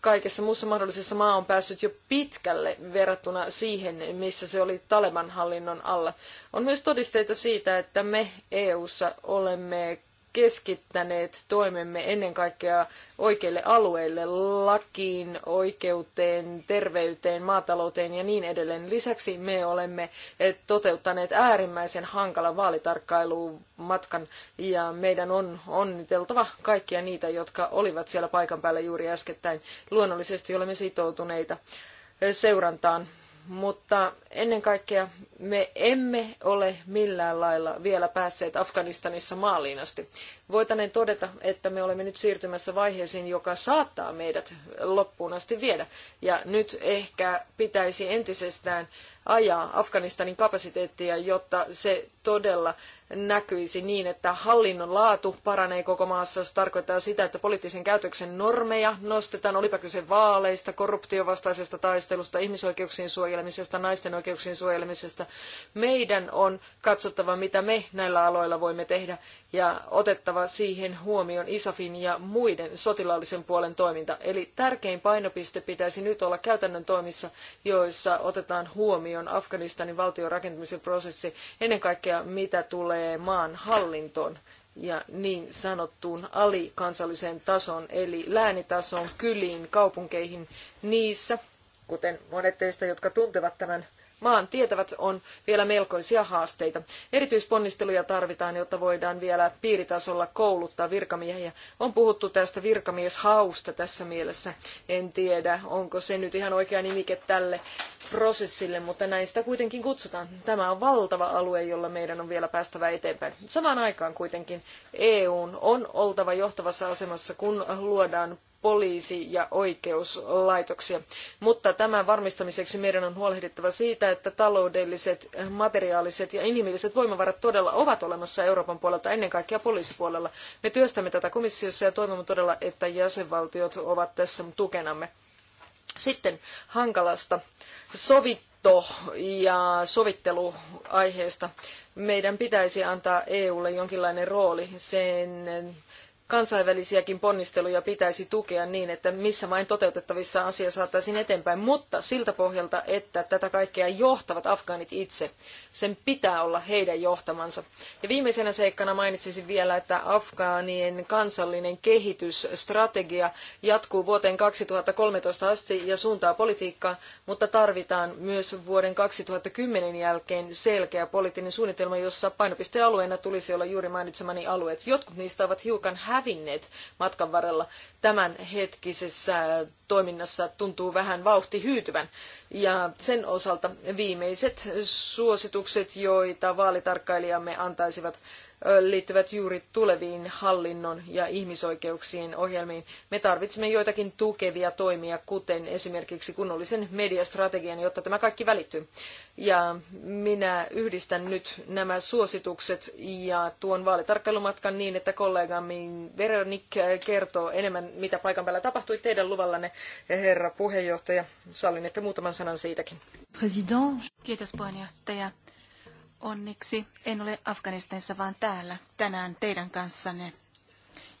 Kaikessa muussa mahdollisessa maa on päässyt jo pitkälle verrattuna siihen, missä se oli Taleban hallinnon alla. On myös todisteita siitä, että me EU:ssa olemme keskittäneet toimemme ennen kaikkea oikeille alueille, lakiin, oikeuteen, terveyteen, maatalouteen ja niin edelleen. Lisäksi me olemme eh, toteuttaneet äärimmäisen hankalan vaalitarkkailumatkan ja meidän on onniteltava kaikkia niitä, jotka olivat siellä paikan päällä juuri äskettäin. Luonnollisesti olemme sitoutuneita eh, seurantaan mutta ennen kaikkea me emme ole millään lailla vielä päässeet Afganistanissa maaliin asti. Voitaneen todeta, että me olemme nyt siirtymässä vaiheeseen, joka saattaa meidät loppuun asti viedä. Ja nyt ehkä pitäisi entisestään ajaa Afganistanin kapasiteettia, jotta se todella näkyisi niin, että hallinnon laatu paranee koko maassa. Se tarkoittaa sitä, että poliittisen käytöksen normeja nostetaan, olipa kyse vaaleista, korruptiovastaisesta taistelusta, ihmisoikeuksien suojelemisesta, naisten oikeuksien suojelemisesta. Meidän on katsottava, mitä me näillä aloilla voimme tehdä ja otettava siihen huomioon ISAFin ja muiden sotilaallisen puolen toiminta. Eli tärkein painopiste pitäisi nyt olla käytännön toimissa, joissa otetaan huomioon Afganistanin valtion rakentamisen prosessi ennen kaikkea mitä tulee maan hallintoon ja niin sanottuun alikansalliseen tason, eli läänitasoon, kyliin, kaupunkeihin, niissä, kuten monet teistä, jotka tuntevat tämän maan tietävät, on vielä melkoisia haasteita. Erityisponnisteluja tarvitaan, jotta voidaan vielä piiritasolla kouluttaa virkamiehiä. On puhuttu tästä virkamieshausta tässä mielessä. En tiedä, onko se nyt ihan oikea nimike tälle prosessille, mutta näin sitä kuitenkin kutsutaan. Tämä on valtava alue, jolla meidän on vielä päästävä eteenpäin. Samaan aikaan kuitenkin EUn on oltava johtavassa asemassa, kun luodaan poliisi- ja oikeuslaitoksia. Mutta tämän varmistamiseksi meidän on huolehdittava siitä, että taloudelliset, materiaaliset ja inhimilliset voimavarat todella ovat olemassa Euroopan puolelta, ennen kaikkea poliisipuolella. Me työstämme tätä komissiossa ja toivomme todella, että jäsenvaltiot ovat tässä tukenamme. Sitten hankalasta sovitto- ja sovitteluaiheesta. Meidän pitäisi antaa EUlle jonkinlainen rooli sen kansainvälisiäkin ponnisteluja pitäisi tukea niin, että missä vain toteutettavissa asia saataisiin eteenpäin, mutta siltä pohjalta, että tätä kaikkea johtavat afgaanit itse. Sen pitää olla heidän johtamansa. Ja viimeisenä seikkana mainitsisin vielä, että afgaanien kansallinen kehitysstrategia jatkuu vuoteen 2013 asti ja suuntaa politiikkaa, mutta tarvitaan myös vuoden 2010 jälkeen selkeä poliittinen suunnitelma, jossa painopistealueena tulisi olla juuri mainitsemani alueet. Jotkut niistä ovat hiukan hä- hävinneet matkan varrella. Tämän hetkisessä toiminnassa tuntuu vähän vauhti hyytyvän. Ja sen osalta viimeiset suositukset, joita vaalitarkkailijamme antaisivat, liittyvät juuri tuleviin hallinnon ja ihmisoikeuksien ohjelmiin. Me tarvitsemme joitakin tukevia toimia, kuten esimerkiksi kunnollisen mediastrategian, jotta tämä kaikki välittyy. Ja minä yhdistän nyt nämä suositukset ja tuon vaalitarkkailumatkan niin, että kollegamme Veronik kertoo enemmän, mitä paikan päällä tapahtui teidän luvallanne herra puheenjohtaja. Sallin, että muutaman sanan siitäkin. President. Kiitos puheenjohtaja. Onneksi en ole Afganistanissa, vaan täällä tänään teidän kanssanne.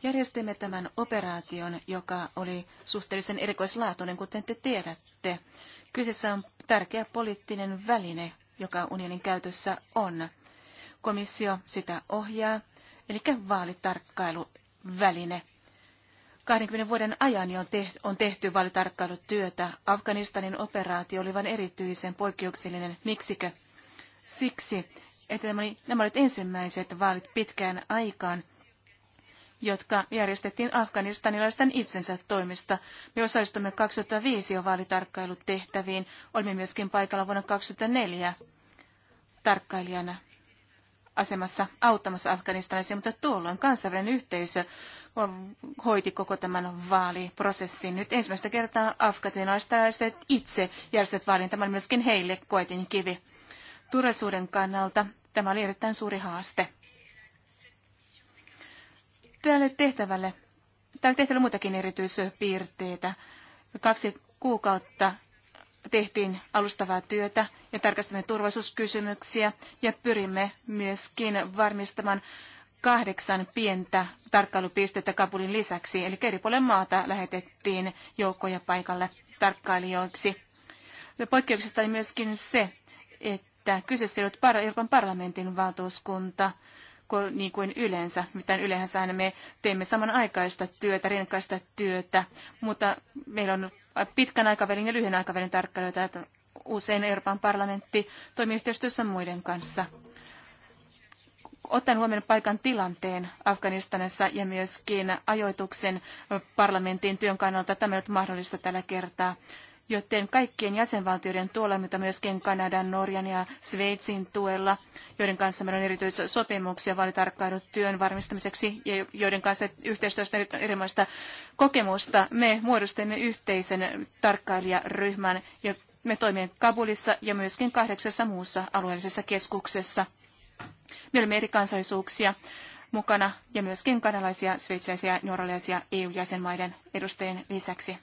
Järjestimme tämän operaation, joka oli suhteellisen erikoislaatuinen, kuten te tiedätte. Kyseessä on tärkeä poliittinen väline, joka unionin käytössä on. Komissio sitä ohjaa, eli vaalitarkkailuväline. 20 vuoden ajan on tehty vaalitarkkailutyötä. Afganistanin operaatio oli vain erityisen poikkeuksellinen. Miksikö? Siksi, että nämä, oli, nämä olivat ensimmäiset vaalit pitkään aikaan, jotka järjestettiin afganistanilaisten itsensä toimista. Me osallistumme 2005 jo vaalitarkkailutehtäviin. Olimme myöskin paikalla vuonna 2004 tarkkailijana asemassa auttamassa afganistanaisia, mutta tuolloin kansainvälinen yhteisö hoiti koko tämän vaaliprosessin. Nyt ensimmäistä kertaa afganistanilaiset itse järjestivät vaalin. Tämä oli myöskin heille koetin kivi. Turvallisuuden kannalta tämä oli erittäin suuri haaste. Tälle tehtävälle, tälle tehtävälle muitakin erityispiirteitä. Kaksi kuukautta tehtiin alustavaa työtä ja tarkastamme turvallisuuskysymyksiä ja pyrimme myöskin varmistamaan kahdeksan pientä tarkkailupistettä Kabulin lisäksi, eli eri puolen maata lähetettiin joukkoja paikalle tarkkailijoiksi. Poikkeuksesta oli myöskin se, että kyseessä ei ollut Euroopan parlamentin valtuuskunta, niin kuin yleensä. Mitään yleensä me teemme samanaikaista työtä, rinnakkaista työtä, mutta meillä on pitkän aikavälin ja lyhyen aikavälin tarkkailijoita, että usein Euroopan parlamentti toimii yhteistyössä muiden kanssa. Ottaen huomioon paikan tilanteen Afganistanissa ja myöskin ajoituksen parlamentin työn kannalta tämä on mahdollista tällä kertaa joten kaikkien jäsenvaltioiden tuolla, mutta myöskin Kanadan, Norjan ja Sveitsin tuella, joiden kanssa meillä on erityissopimuksia vaalitarkkailun työn varmistamiseksi ja joiden kanssa yhteistyöstä erilaista kokemusta, me muodostimme yhteisen tarkkailijaryhmän ja me toimimme Kabulissa ja myöskin kahdeksassa muussa alueellisessa keskuksessa. Me olemme eri kansallisuuksia mukana ja myöskin kanalaisia, sveitsiläisiä, norjalaisia EU-jäsenmaiden edustajien lisäksi.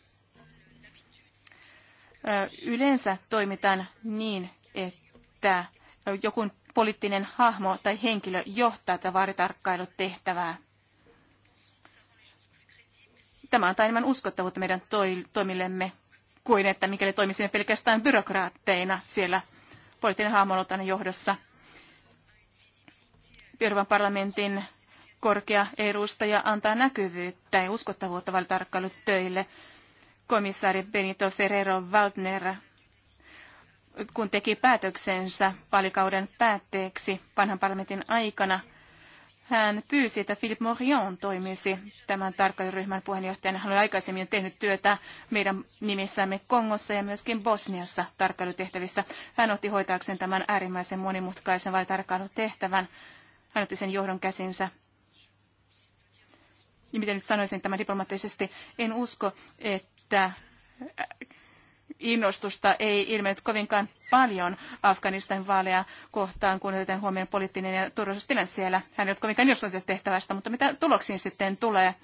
Yleensä toimitaan niin, että joku poliittinen hahmo tai henkilö johtaa tätä vaaritarkkailutehtävää. Tämä antaa enemmän uskottavuutta meidän toi, toimillemme kuin että mikäli toimisimme pelkästään byrokraatteina siellä poliittinen hahmo on johdossa – Euroopan parlamentin korkea edustaja antaa näkyvyyttä ja uskottavuutta vaalitarkkailutöille. Komissaari Benito Ferrero Waldner, kun teki päätöksensä valikauden päätteeksi vanhan parlamentin aikana, hän pyysi, että Philip Morion toimisi tämän tarkkailuryhmän puheenjohtajana. Hän oli aikaisemmin tehnyt työtä meidän nimissämme Kongossa ja myöskin Bosniassa tarkkailutehtävissä. Hän otti hoitaakseen tämän äärimmäisen monimutkaisen vaalitarkkailutehtävän. tehtävän hän otti sen johdon käsinsä. Ja miten nyt sanoisin tämän diplomaattisesti, en usko, että äh, innostusta ei ilmennyt kovinkaan paljon Afganistanin vaaleja kohtaan, kun otetaan huomioon poliittinen ja turvallisuustilanne siellä. Hän ei ole kovinkaan innostunut tästä tehtävästä, mutta mitä tuloksiin sitten tulee?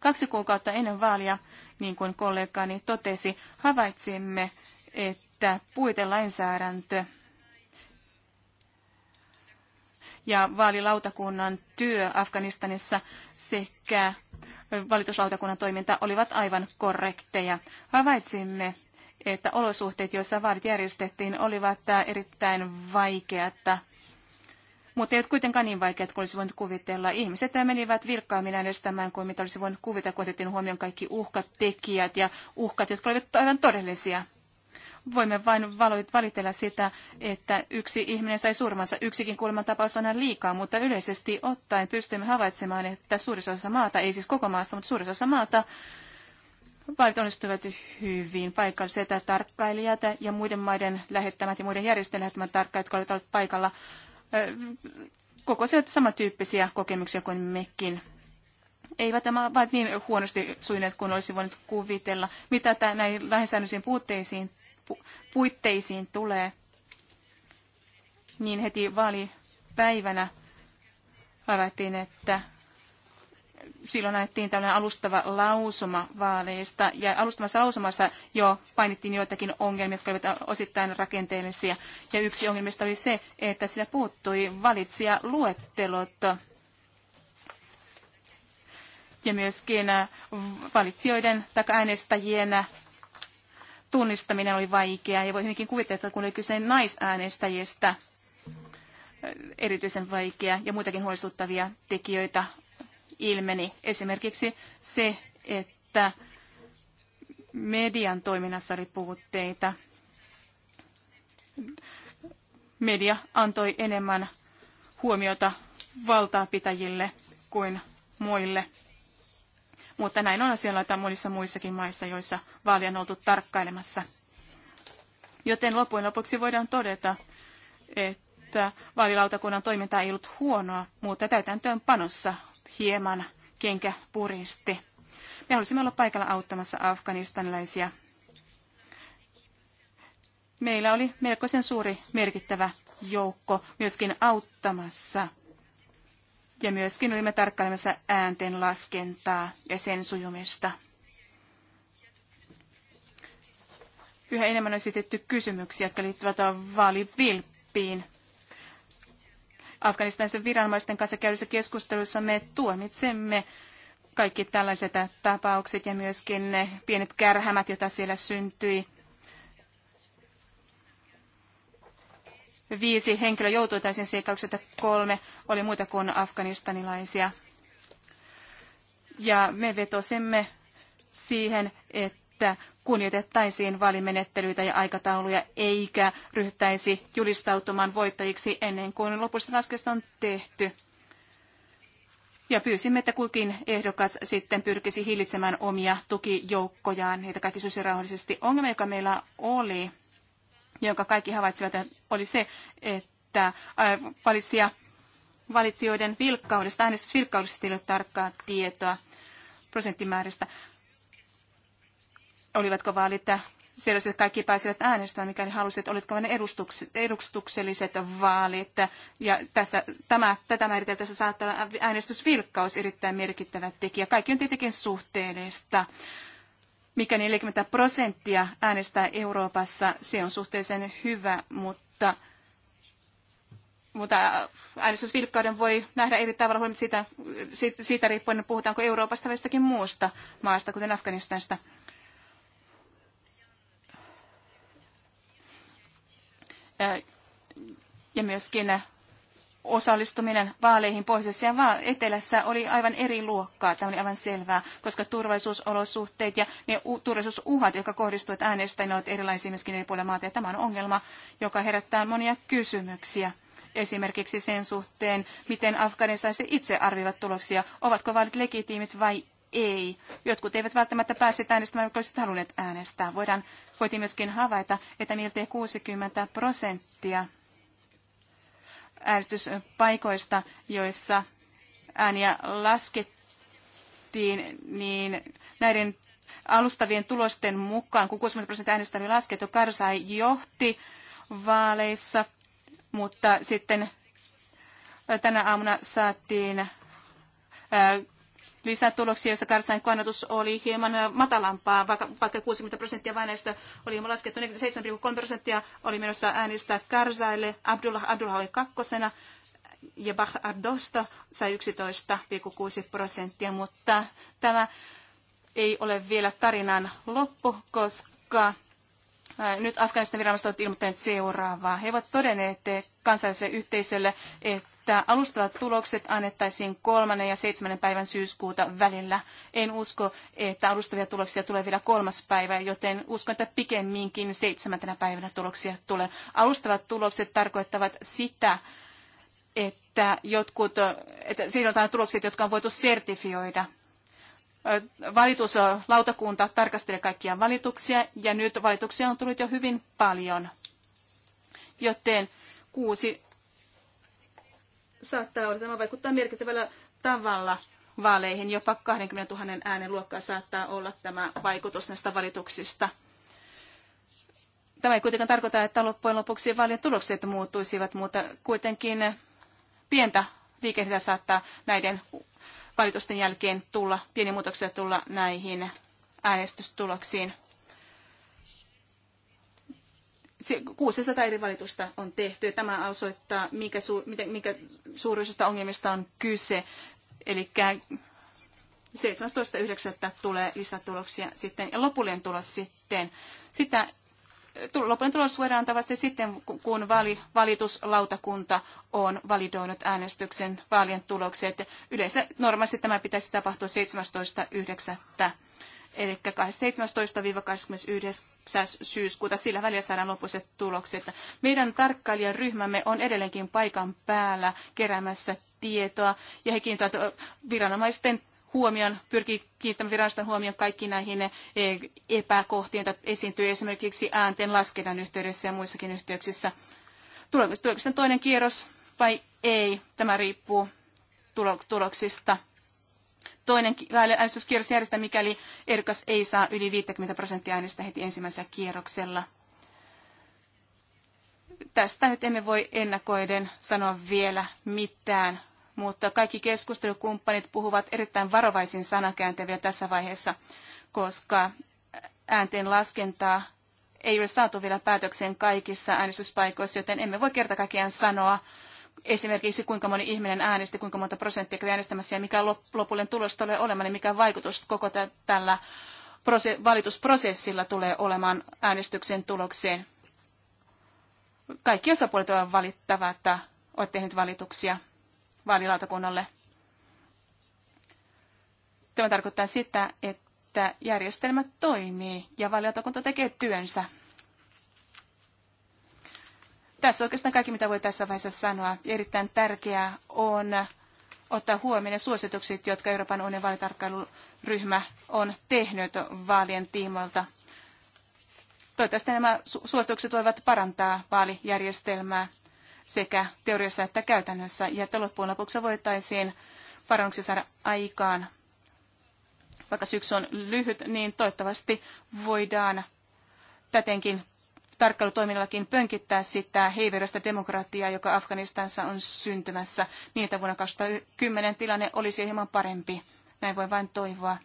Kaksi kuukautta ennen vaalia, niin kuin kollegani totesi, havaitsimme, että puitelainsäädäntö ja vaalilautakunnan työ Afganistanissa sekä valituslautakunnan toiminta olivat aivan korrekteja. Havaitsimme, että olosuhteet, joissa vaalit järjestettiin, olivat äh, erittäin vaikeat mutta eivät kuitenkaan niin vaikeat kuin olisi voinut kuvitella. Ihmiset menivät vilkkaammin äänestämään kuin mitä olisi voinut kuvitella, kun otettiin huomioon kaikki uhkatekijät ja uhkat, jotka olivat aivan todellisia. Voimme vain valitella sitä, että yksi ihminen sai surmansa. Yksikin kuolemantapaus on aina liikaa, mutta yleisesti ottaen pystymme havaitsemaan, että suurissa osassa maata, ei siis koko maassa, mutta suurissa osassa maata, Vaalit onnistuivat hyvin. Paikalliset tarkkailijat ja muiden maiden lähettämät ja muiden järjestöjen lähettämät tarkkailijat, jotka olivat olleet paikalla, kokosivat samantyyppisiä kokemuksia kuin mekin. Eivät tämä vain niin huonosti suineet kuin olisi voinut kuvitella. Mitä näihin lainsäädännöllisiin puutteisiin puitteisiin tulee, niin heti vaalipäivänä havaittiin, että silloin annettiin tällainen alustava lausuma vaaleista, ja alustavassa lausumassa jo painittiin joitakin ongelmia, jotka olivat osittain rakenteellisia, ja yksi ongelmista oli se, että sillä puuttui valitsijaluettelot, ja myöskin äh, valitsijoiden tai äänestäjien tunnistaminen oli vaikeaa ja voi hyvinkin kuvitella, että kun oli kyse naisäänestäjistä, erityisen vaikea ja muitakin huolestuttavia tekijöitä ilmeni. Esimerkiksi se, että median toiminnassa oli puutteita. Media antoi enemmän huomiota valtaapitäjille kuin muille mutta näin on asianlaita monissa muissakin maissa, joissa vaalia on oltu tarkkailemassa. Joten loppujen lopuksi voidaan todeta, että vaalilautakunnan toiminta ei ollut huonoa, mutta täytäntöönpanossa hieman kenkä puristi. Me halusimme olla paikalla auttamassa afganistanilaisia. Meillä oli melkoisen suuri merkittävä joukko myöskin auttamassa – ja myöskin olimme tarkkailemassa äänten laskentaa ja sen sujumista. Yhä enemmän on esitetty kysymyksiä, jotka liittyvät vaalivilppiin. Afganistanisen viranomaisten kanssa käydyssä keskustelussa me tuomitsemme kaikki tällaiset tapaukset ja myöskin ne pienet kärhämät, joita siellä syntyi viisi henkilöä joutui täysin siitä kolme oli muita kuin afganistanilaisia. Ja me vetosimme siihen, että kunnioitettaisiin valimenettelyitä ja aikatauluja, eikä ryhtäisi julistautumaan voittajiksi ennen kuin lopussa laskesta on tehty. Ja pyysimme, että kukin ehdokas sitten pyrkisi hillitsemään omia tukijoukkojaan, niitä kaikki sysirauhallisesti. Ongelma, joka meillä oli, jonka kaikki havaitsivat, oli se, että valitsija, äh, valitsijoiden vilkkaudesta, äänestysvilkkaudesta ei ole tarkkaa tietoa prosenttimääristä. Olivatko vaalit sellaiset, että kaikki pääsivät äänestämään, mikäli halusivat, oletko ne edustukselliset vaalit. Ja tässä, tämä, tätä määriteltäessä saattaa olla äänestysvilkkaus erittäin merkittävä tekijä. Kaikki on tietenkin suhteellista mikä 40 prosenttia äänestää Euroopassa, se on suhteellisen hyvä, mutta, mutta äänestysvilkkauden voi nähdä eri tavalla siitä, siitä, siitä riippuen, puhutaanko Euroopasta vai jostakin muusta maasta, kuten Afganistanista. Ja myöskin osallistuminen vaaleihin pohjoisessa ja etelässä oli aivan eri luokkaa. Tämä oli aivan selvää, koska turvallisuusolosuhteet ja ne turvallisuusuhat, jotka kohdistuvat äänestäjiin, ovat erilaisia myöskin eri puolilla maata. Ja tämä on ongelma, joka herättää monia kysymyksiä. Esimerkiksi sen suhteen, miten afganistaiset itse arvioivat tuloksia, ovatko vaalit legitiimit vai ei. Jotkut eivät välttämättä päässeet äänestämään, jotka olisivat halunneet äänestää. Voidaan, voitiin myöskin havaita, että miltei 60 prosenttia äänestyspaikoista, joissa ääniä laskettiin, niin näiden alustavien tulosten mukaan, kun 60 prosenttia äänestä oli laskettu, Karsai johti vaaleissa, mutta sitten tänä aamuna saatiin lisätuloksia, jossa karsain kannatus oli hieman matalampaa, vaikka, vaikka 60 prosenttia vain näistä oli hieman laskettu. 47,3 prosenttia oli menossa äänistä Karsaille. Abdullah, Abdullah oli kakkosena, ja Bach Ardosto sai 11,6 prosenttia, mutta tämä ei ole vielä tarinan loppu, koska nyt Afganistan viranomaiset ovat ilmoittaneet seuraavaa. He ovat todenneet kansalliselle yhteisölle, että että alustavat tulokset annettaisiin kolmannen ja seitsemännen päivän syyskuuta välillä. En usko, että alustavia tuloksia tulee vielä kolmas päivä, joten uskon, että pikemminkin seitsemäntenä päivänä tuloksia tulee. Alustavat tulokset tarkoittavat sitä, että, jotkut, että siirrytään tulokset, jotka on voitu sertifioida valituslautakunta tarkastelee kaikkia valituksia ja nyt valituksia on tullut jo hyvin paljon. Joten kuusi saattaa olla, tämä vaikuttaa merkittävällä tavalla vaaleihin. Jopa 20 000 äänen luokkaa saattaa olla tämä vaikutus näistä valituksista. Tämä ei kuitenkaan tarkoita, että loppujen lopuksi vaalien tulokset muuttuisivat, mutta kuitenkin pientä liikehdintä saattaa näiden valitusten jälkeen tulla, pieni muutoksia tulla näihin äänestystuloksiin se 600 eri valitusta on tehty. Tämä osoittaa, mikä, su, mikä, mikä suuruisesta ongelmista on kyse. Eli 17.9. tulee lisätuloksia sitten ja lopullinen tulos sitten. Sitä, lopullinen tulos voidaan antaa vasta sitten, kun vali, valituslautakunta on validoinut äänestyksen vaalien tulokset. Yleensä normaalisti tämä pitäisi tapahtua 17.9 eli 17-21. syyskuuta. Sillä välillä saadaan lopuiset tulokset. Meidän tarkkailijaryhmämme on edelleenkin paikan päällä keräämässä tietoa ja he kiinnittävät viranomaisten huomion, pyrkii kiinnittämään viranomaisten huomion kaikki näihin eh, epäkohtiin, joita esiintyy esimerkiksi äänten laskennan yhteydessä ja muissakin yhteyksissä. Tuleeko, tuleeko toinen kierros vai ei? Tämä riippuu tuloksista toinen äänestyskierros järjestää, mikäli ehdokas ei saa yli 50 prosenttia äänestä heti ensimmäisellä kierroksella. Tästä nyt emme voi ennakoiden sanoa vielä mitään, mutta kaikki keskustelukumppanit puhuvat erittäin varovaisin sanakääntein vielä tässä vaiheessa, koska äänten laskentaa ei ole saatu vielä päätökseen kaikissa äänestyspaikoissa, joten emme voi kertakaikkiaan sanoa, esimerkiksi kuinka moni ihminen äänesti, kuinka monta prosenttia kävi äänestämässä ja mikä lopullinen tulos tulee olemaan, niin mikä vaikutus koko tällä valitusprosessilla tulee olemaan äänestyksen tulokseen. Kaikki osapuolet ovat valittava, että olet tehnyt valituksia vaalilautakunnalle. Tämä tarkoittaa sitä, että järjestelmä toimii ja vaalilautakunta tekee työnsä. Tässä oikeastaan kaikki, mitä voi tässä vaiheessa sanoa. Erittäin tärkeää on ottaa huomioon ne suositukset, jotka Euroopan unionin vaalitarkkailuryhmä on tehnyt vaalien tiimoilta. Toivottavasti nämä suositukset voivat parantaa vaalijärjestelmää sekä teoriassa että käytännössä, ja että loppujen lopuksi voitaisiin parannuksia saada aikaan. Vaikka syksy on lyhyt, niin toivottavasti voidaan tätenkin tarkkailutoiminnallakin pönkittää sitä heiveröstä demokratiaa, joka Afganistanissa on syntymässä, niin että vuonna 2010 tilanne olisi hieman parempi. Näin voi vain toivoa.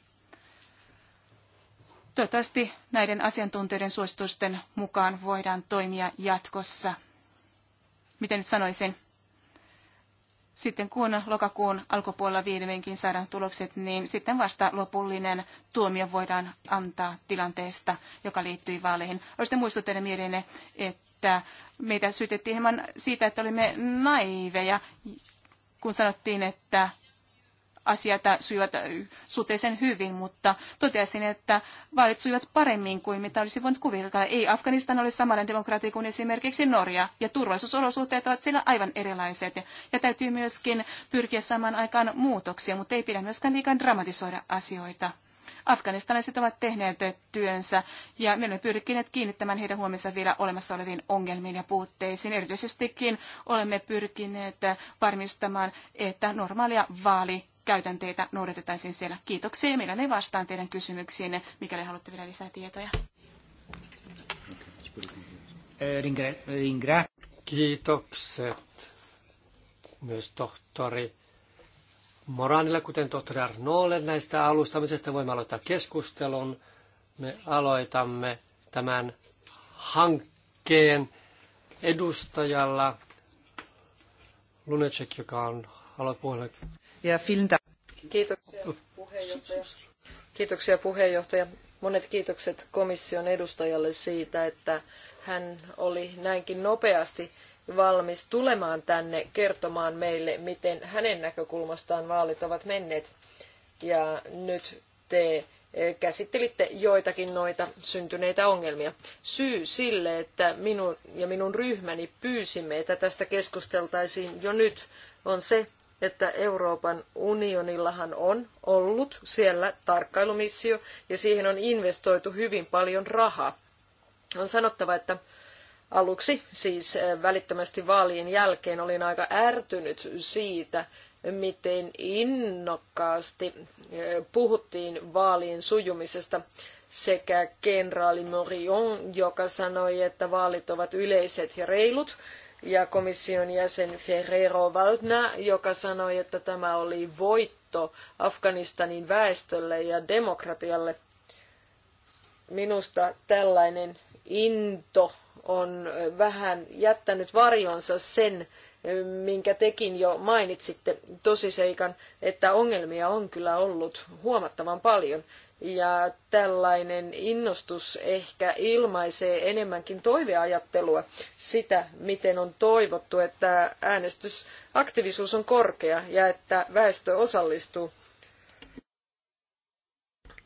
Toivottavasti näiden asiantuntijoiden suositusten mukaan voidaan toimia jatkossa. Miten nyt sanoisin? Sitten kun lokakuun alkupuolella viimeinkin saadaan tulokset, niin sitten vasta lopullinen tuomio voidaan antaa tilanteesta, joka liittyy vaaleihin. Olisitte muistuttaneet mielenne, että meitä syytettiin hieman siitä, että olimme naiveja, kun sanottiin, että asiat sujuvat suhteellisen hyvin, mutta totesin, että vaalit sujuvat paremmin kuin mitä olisi voinut kuvitella. Ei Afganistan ole samanlainen demokratia kuin esimerkiksi Norja, ja turvallisuusolosuhteet ovat siellä aivan erilaiset. Ja täytyy myöskin pyrkiä samaan aikaan muutoksia, mutta ei pidä myöskään liikaa dramatisoida asioita. Afganistanaiset ovat tehneet työnsä ja me olemme pyrkineet kiinnittämään heidän huomensa vielä olemassa oleviin ongelmiin ja puutteisiin. Erityisestikin olemme pyrkineet varmistamaan, että normaalia vaali käytänteitä noudatettaisiin siellä. Kiitoksia ja mielelläni vastaan teidän kysymyksiinne, mikäli haluatte vielä lisää tietoja. Eh, Kiitokset myös tohtori Moranille, kuten tohtori Arnolle näistä alustamisesta. Voimme aloittaa keskustelun. Me aloitamme tämän hankkeen edustajalla Lunecek joka on aloittanut ja Finta. Kiitoksia puheenjohtaja. Monet kiitokset komission edustajalle siitä, että hän oli näinkin nopeasti valmis tulemaan tänne kertomaan meille, miten hänen näkökulmastaan vaalit ovat menneet. Ja nyt te eh, käsittelitte joitakin noita syntyneitä ongelmia. Syy sille, että minun ja minun ryhmäni pyysimme, että tästä keskusteltaisiin jo nyt, on se, että Euroopan unionillahan on ollut siellä tarkkailumissio ja siihen on investoitu hyvin paljon rahaa. On sanottava, että aluksi, siis eh, välittömästi vaalien jälkeen, olin aika ärtynyt siitä, miten innokkaasti eh, puhuttiin vaalien sujumisesta sekä kenraali Morion, joka sanoi, että vaalit ovat yleiset ja reilut, ja komission jäsen Ferrero Waldner, joka sanoi, että tämä oli voitto Afganistanin väestölle ja demokratialle. Minusta tällainen into on vähän jättänyt varjonsa sen, minkä tekin jo mainitsitte tosiseikan, että ongelmia on kyllä ollut huomattavan paljon. Ja tällainen innostus ehkä ilmaisee enemmänkin toiveajattelua sitä, miten on toivottu, että äänestysaktiivisuus on korkea ja että väestö osallistuu.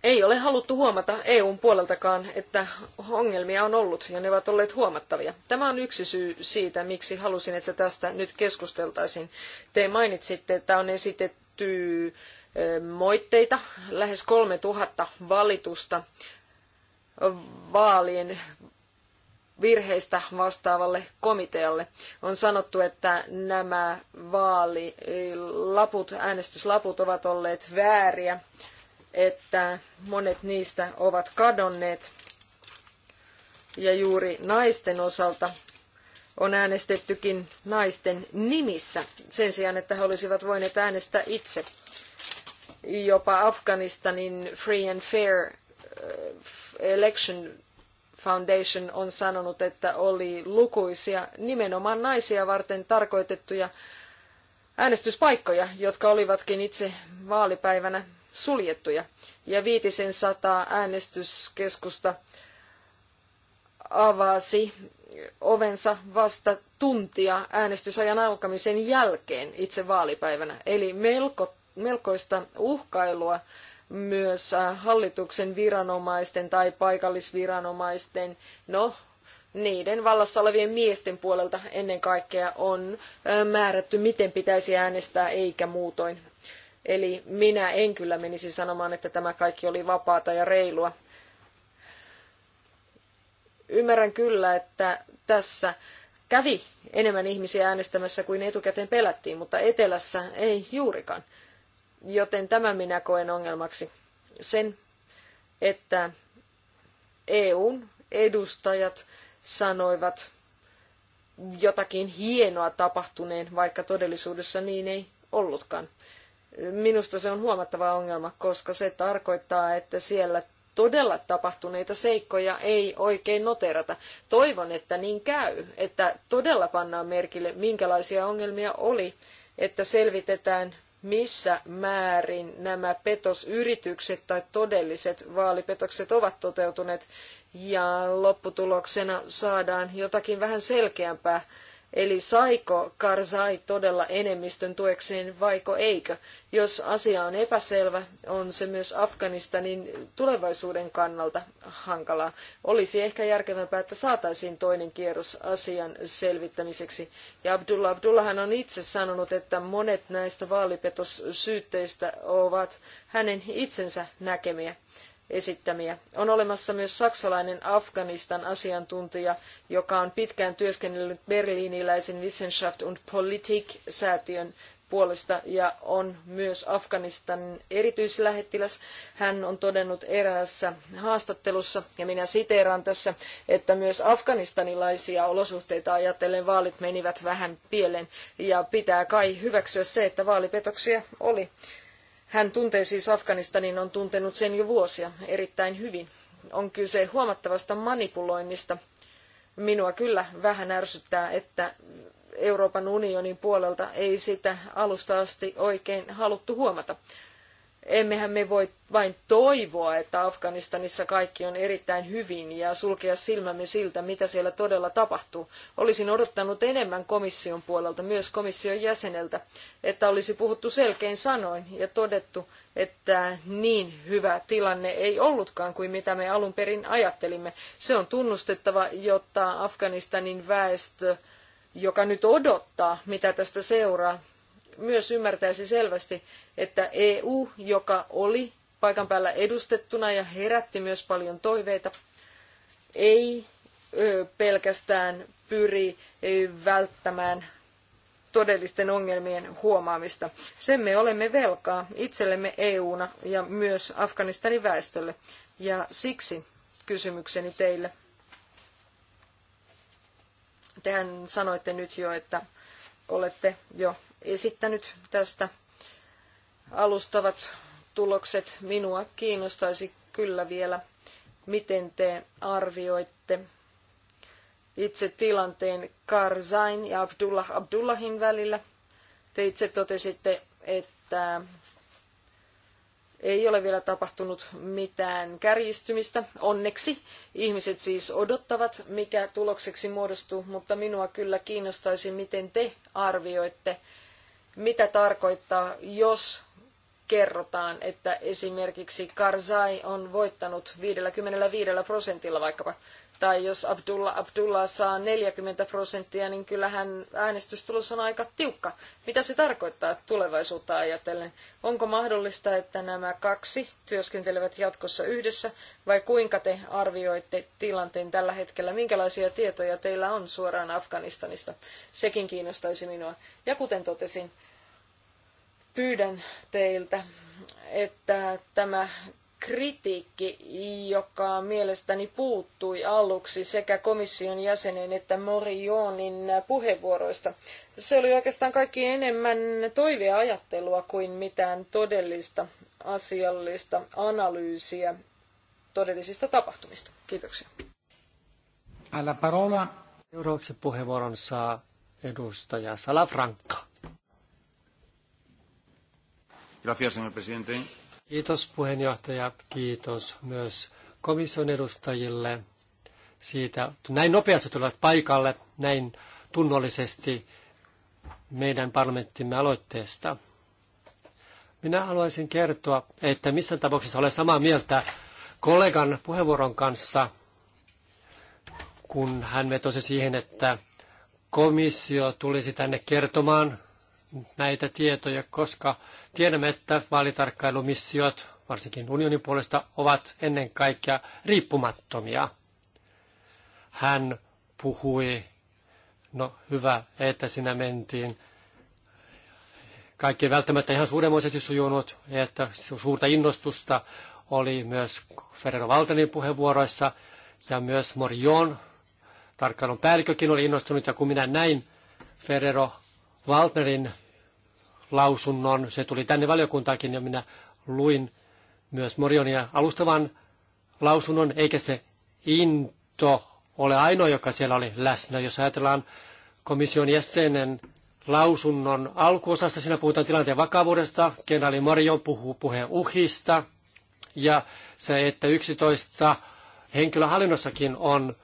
Ei ole haluttu huomata EUn puoleltakaan, että ongelmia on ollut ja ne ovat olleet huomattavia. Tämä on yksi syy siitä, miksi halusin, että tästä nyt keskusteltaisiin. Te mainitsitte, että on esitetty moitteita, lähes 3000 valitusta vaalien virheistä vastaavalle komitealle. On sanottu, että nämä vaalilaput, äänestyslaput ovat olleet vääriä, että monet niistä ovat kadonneet. Ja juuri naisten osalta on äänestettykin naisten nimissä sen sijaan, että he olisivat voineet äänestää itse jopa Afganistanin Free and Fair äh, Election Foundation on sanonut, että oli lukuisia nimenomaan naisia varten tarkoitettuja äänestyspaikkoja, jotka olivatkin itse vaalipäivänä suljettuja. Ja viitisen sataa äänestyskeskusta avasi ovensa vasta tuntia äänestysajan alkamisen jälkeen itse vaalipäivänä. Eli melko melkoista uhkailua myös äh, hallituksen viranomaisten tai paikallisviranomaisten, no niiden vallassa olevien miesten puolelta ennen kaikkea on äh, määrätty, miten pitäisi äänestää eikä muutoin. Eli minä en kyllä menisi sanomaan, että tämä kaikki oli vapaata ja reilua. Ymmärrän kyllä, että tässä kävi enemmän ihmisiä äänestämässä kuin etukäteen pelättiin, mutta etelässä ei juurikaan. Joten tämän minä koen ongelmaksi sen, että EUn edustajat sanoivat jotakin hienoa tapahtuneen, vaikka todellisuudessa niin ei ollutkaan. Minusta se on huomattava ongelma, koska se tarkoittaa, että siellä todella tapahtuneita seikkoja ei oikein noterata. Toivon, että niin käy, että todella pannaan merkille, minkälaisia ongelmia oli, että selvitetään, missä määrin nämä petosyritykset tai todelliset vaalipetokset ovat toteutuneet ja lopputuloksena saadaan jotakin vähän selkeämpää Eli saiko Karzai todella enemmistön tuekseen vaiko eikö? Jos asia on epäselvä, on se myös Afganistanin tulevaisuuden kannalta hankalaa. Olisi ehkä järkevämpää, että saataisiin toinen kierros asian selvittämiseksi. Ja Abdullah Abdullahan on itse sanonut, että monet näistä vaalipetossyytteistä ovat hänen itsensä näkemiä esittämiä. On olemassa myös saksalainen Afganistan-asiantuntija, joka on pitkään työskennellyt berliiniläisen Wissenschaft und Politik-säätiön puolesta ja on myös Afganistanin erityislähettiläs. Hän on todennut eräässä haastattelussa, ja minä siteeraan tässä, että myös afganistanilaisia olosuhteita ajatellen vaalit menivät vähän pieleen, ja pitää kai hyväksyä se, että vaalipetoksia oli. Hän tuntee siis Afganistanin, on tuntenut sen jo vuosia erittäin hyvin. On kyse huomattavasta manipuloinnista. Minua kyllä vähän ärsyttää, että Euroopan unionin puolelta ei sitä alusta asti oikein haluttu huomata. Emmehän me voi vain toivoa, että Afganistanissa kaikki on erittäin hyvin ja sulkea silmämme siltä, mitä siellä todella tapahtuu. Olisin odottanut enemmän komission puolelta, myös komission jäseneltä, että olisi puhuttu selkein sanoin ja todettu, että niin hyvä tilanne ei ollutkaan kuin mitä me alun perin ajattelimme. Se on tunnustettava, jotta Afganistanin väestö joka nyt odottaa, mitä tästä seuraa, myös ymmärtäisi selvästi, että EU, joka oli paikan päällä edustettuna ja herätti myös paljon toiveita, ei pelkästään pyri välttämään todellisten ongelmien huomaamista. Sen me olemme velkaa itsellemme EUna ja myös Afganistanin väestölle. Ja siksi kysymykseni teille. Tehän sanoitte nyt jo, että olette jo esittänyt tästä alustavat tulokset. Minua kiinnostaisi kyllä vielä, miten te arvioitte itse tilanteen Karzain ja Abdullah Abdullahin välillä. Te itse totesitte, että ei ole vielä tapahtunut mitään kärjistymistä. Onneksi ihmiset siis odottavat, mikä tulokseksi muodostuu, mutta minua kyllä kiinnostaisi, miten te arvioitte mitä tarkoittaa, jos kerrotaan, että esimerkiksi Karzai on voittanut 55 prosentilla vaikkapa tai jos Abdullah Abdullah saa 40 prosenttia, niin kyllähän äänestystulos on aika tiukka. Mitä se tarkoittaa tulevaisuutta ajatellen? Onko mahdollista, että nämä kaksi työskentelevät jatkossa yhdessä, vai kuinka te arvioitte tilanteen tällä hetkellä? Minkälaisia tietoja teillä on suoraan Afganistanista? Sekin kiinnostaisi minua. Ja kuten totesin, pyydän teiltä, että tämä kritiikki, joka mielestäni puuttui aluksi sekä komission jäsenen että Morionin puheenvuoroista. Se oli oikeastaan kaikki enemmän toiveajattelua kuin mitään todellista asiallista analyysiä todellisista tapahtumista. Kiitoksia. Alla parola. Seuraavaksi puheenvuoron saa edustaja Salafranca. Gracias, señor presidente. Kiitos puheenjohtaja, kiitos myös komission edustajille siitä. että Näin nopeasti tulevat paikalle, näin tunnollisesti meidän parlamenttimme aloitteesta. Minä haluaisin kertoa, että missä tapauksessa olen samaa mieltä kollegan puheenvuoron kanssa, kun hän vetosi siihen, että komissio tulisi tänne kertomaan näitä tietoja, koska tiedämme, että vaalitarkkailumissiot, varsinkin unionin puolesta, ovat ennen kaikkea riippumattomia. Hän puhui, no hyvä, että sinä mentiin. Kaikki välttämättä ihan suuremmoiset sujunut, että suurta innostusta oli myös Ferrero Valtanin puheenvuoroissa ja myös Morion tarkkailun päällikkökin oli innostunut ja kun minä näin Ferrero Walterin lausunnon. Se tuli tänne valiokuntaakin ja minä luin myös Morionia alustavan lausunnon, eikä se into ole ainoa, joka siellä oli läsnä. Jos ajatellaan komission jäsenen lausunnon alkuosasta, siinä puhutaan tilanteen vakavuudesta, kenraali Morion puhuu puheen uhista, ja se, että 11 henkilöhallinnossakin on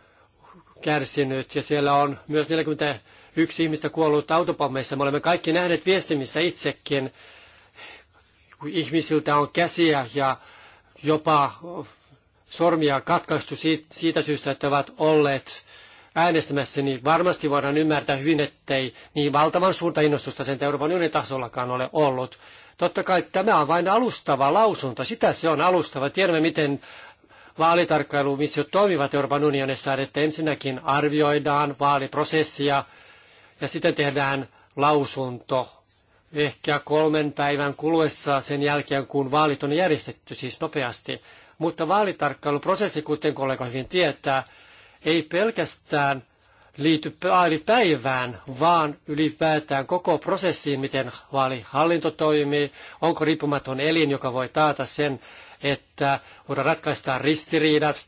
kärsinyt, ja siellä on myös 40 yksi ihmistä kuollut autopammeissa. Me olemme kaikki nähneet viestimissä itsekin, kun ihmisiltä on käsiä ja jopa sormia katkaistu siitä syystä, että ovat olleet äänestämässä, niin varmasti voidaan ymmärtää hyvin, ettei niin valtavan suurta innostusta sen Euroopan unionin tasollakaan ole ollut. Totta kai tämä on vain alustava lausunto, sitä se on alustava. Tiedämme, miten vaalitarkkailumissiot toimivat Euroopan unionissa, että ensinnäkin arvioidaan vaaliprosessia, ja sitten tehdään lausunto ehkä kolmen päivän kuluessa sen jälkeen, kun vaalit on järjestetty, siis nopeasti. Mutta vaalitarkkailuprosessi, kuten kollega hyvin tietää, ei pelkästään liity vaalipäivään, vaan ylipäätään koko prosessiin, miten vaalihallinto toimii, onko riippumaton elin, joka voi taata sen, että voidaan ratkaista ristiriidat,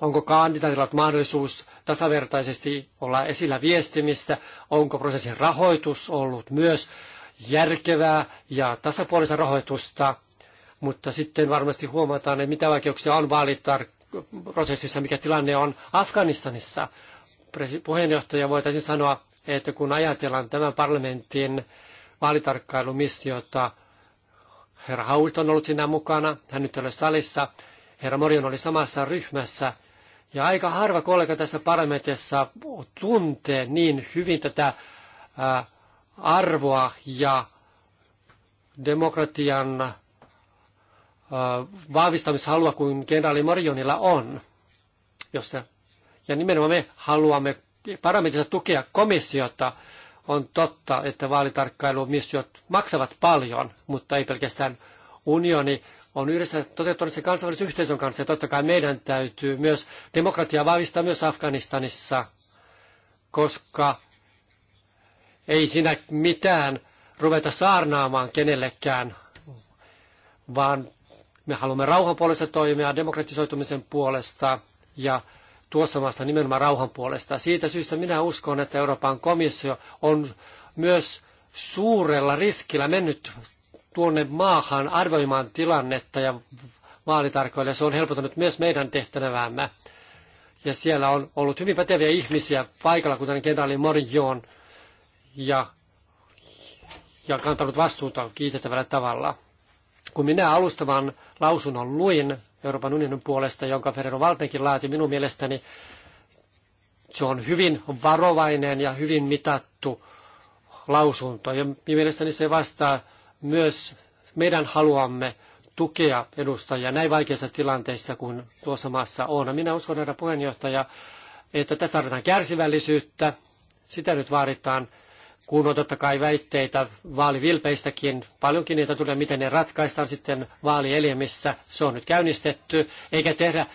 Onko kandidaatilla mahdollisuus tasavertaisesti olla esillä viestimissä? Onko prosessin rahoitus ollut myös järkevää ja tasapuolista rahoitusta? Mutta sitten varmasti huomataan, että mitä vaikeuksia on prosessissa mikä tilanne on Afganistanissa. Puheenjohtaja voitaisiin sanoa, että kun ajatellaan tämän parlamentin vaalitarkkailumissiota, herra Hault on ollut siinä mukana, hän nyt ei ole salissa, herra Morion oli samassa ryhmässä, ja aika harva kollega tässä parlamentissa tuntee niin hyvin tätä arvoa ja demokratian vahvistamishalua kuin kenraali Morionilla on. Josta, ja nimenomaan me haluamme parlamentissa tukea komissiota. On totta, että vaalitarkkailumissiot maksavat paljon, mutta ei pelkästään unioni on yhdessä toteuttanut se kansainvälisen yhteisön kanssa. Ja totta kai meidän täytyy myös demokratiaa vahvistaa myös Afganistanissa, koska ei siinä mitään ruveta saarnaamaan kenellekään, vaan me haluamme rauhan puolesta toimia, demokratisoitumisen puolesta ja tuossa maassa nimenomaan rauhan puolesta. Siitä syystä minä uskon, että Euroopan komissio on myös suurella riskillä mennyt tuonne maahan arvioimaan tilannetta ja vaalitarkoille. Se on helpottanut myös meidän tehtävämme. Ja siellä on ollut hyvin päteviä ihmisiä paikalla, kuten kenraali Morjoon, ja, ja kantanut vastuuta kiitettävällä tavalla. Kun minä alustavan lausunnon luin Euroopan unionin puolesta, jonka Ferrero Valtenkin laati minun mielestäni, se on hyvin varovainen ja hyvin mitattu lausunto. Ja mielestäni se vastaa myös meidän haluamme tukea edustajia näin vaikeissa tilanteissa kuin tuossa maassa on. Minä uskon, herra puheenjohtaja, että tässä tarvitaan kärsivällisyyttä. Sitä nyt vaaditaan, kun on totta kai väitteitä vaalivilpeistäkin. Paljonkin niitä tulee, miten ne ratkaistaan sitten vaalielimissä. Se on nyt käynnistetty, eikä tehdä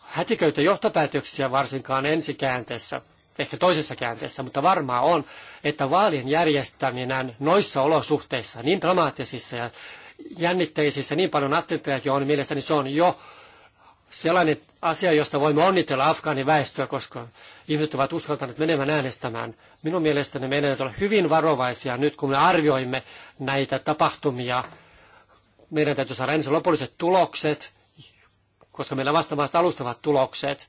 hätiköitä johtopäätöksiä varsinkaan ensikäänteessä ehkä toisessa käänteessä, mutta varmaa on, että vaalien järjestäminen noissa olosuhteissa, niin dramaattisissa ja jännitteisissä, niin paljon attenttejakin on, mielestäni se on jo sellainen asia, josta voimme onnitella afgaaniväestöä, koska ihmiset ovat uskaltaneet menemään äänestämään. Minun mielestäni meidän on olla hyvin varovaisia nyt, kun me arvioimme näitä tapahtumia. Meidän täytyy saada ensin lopulliset tulokset, koska meillä vasta vasta alustavat tulokset.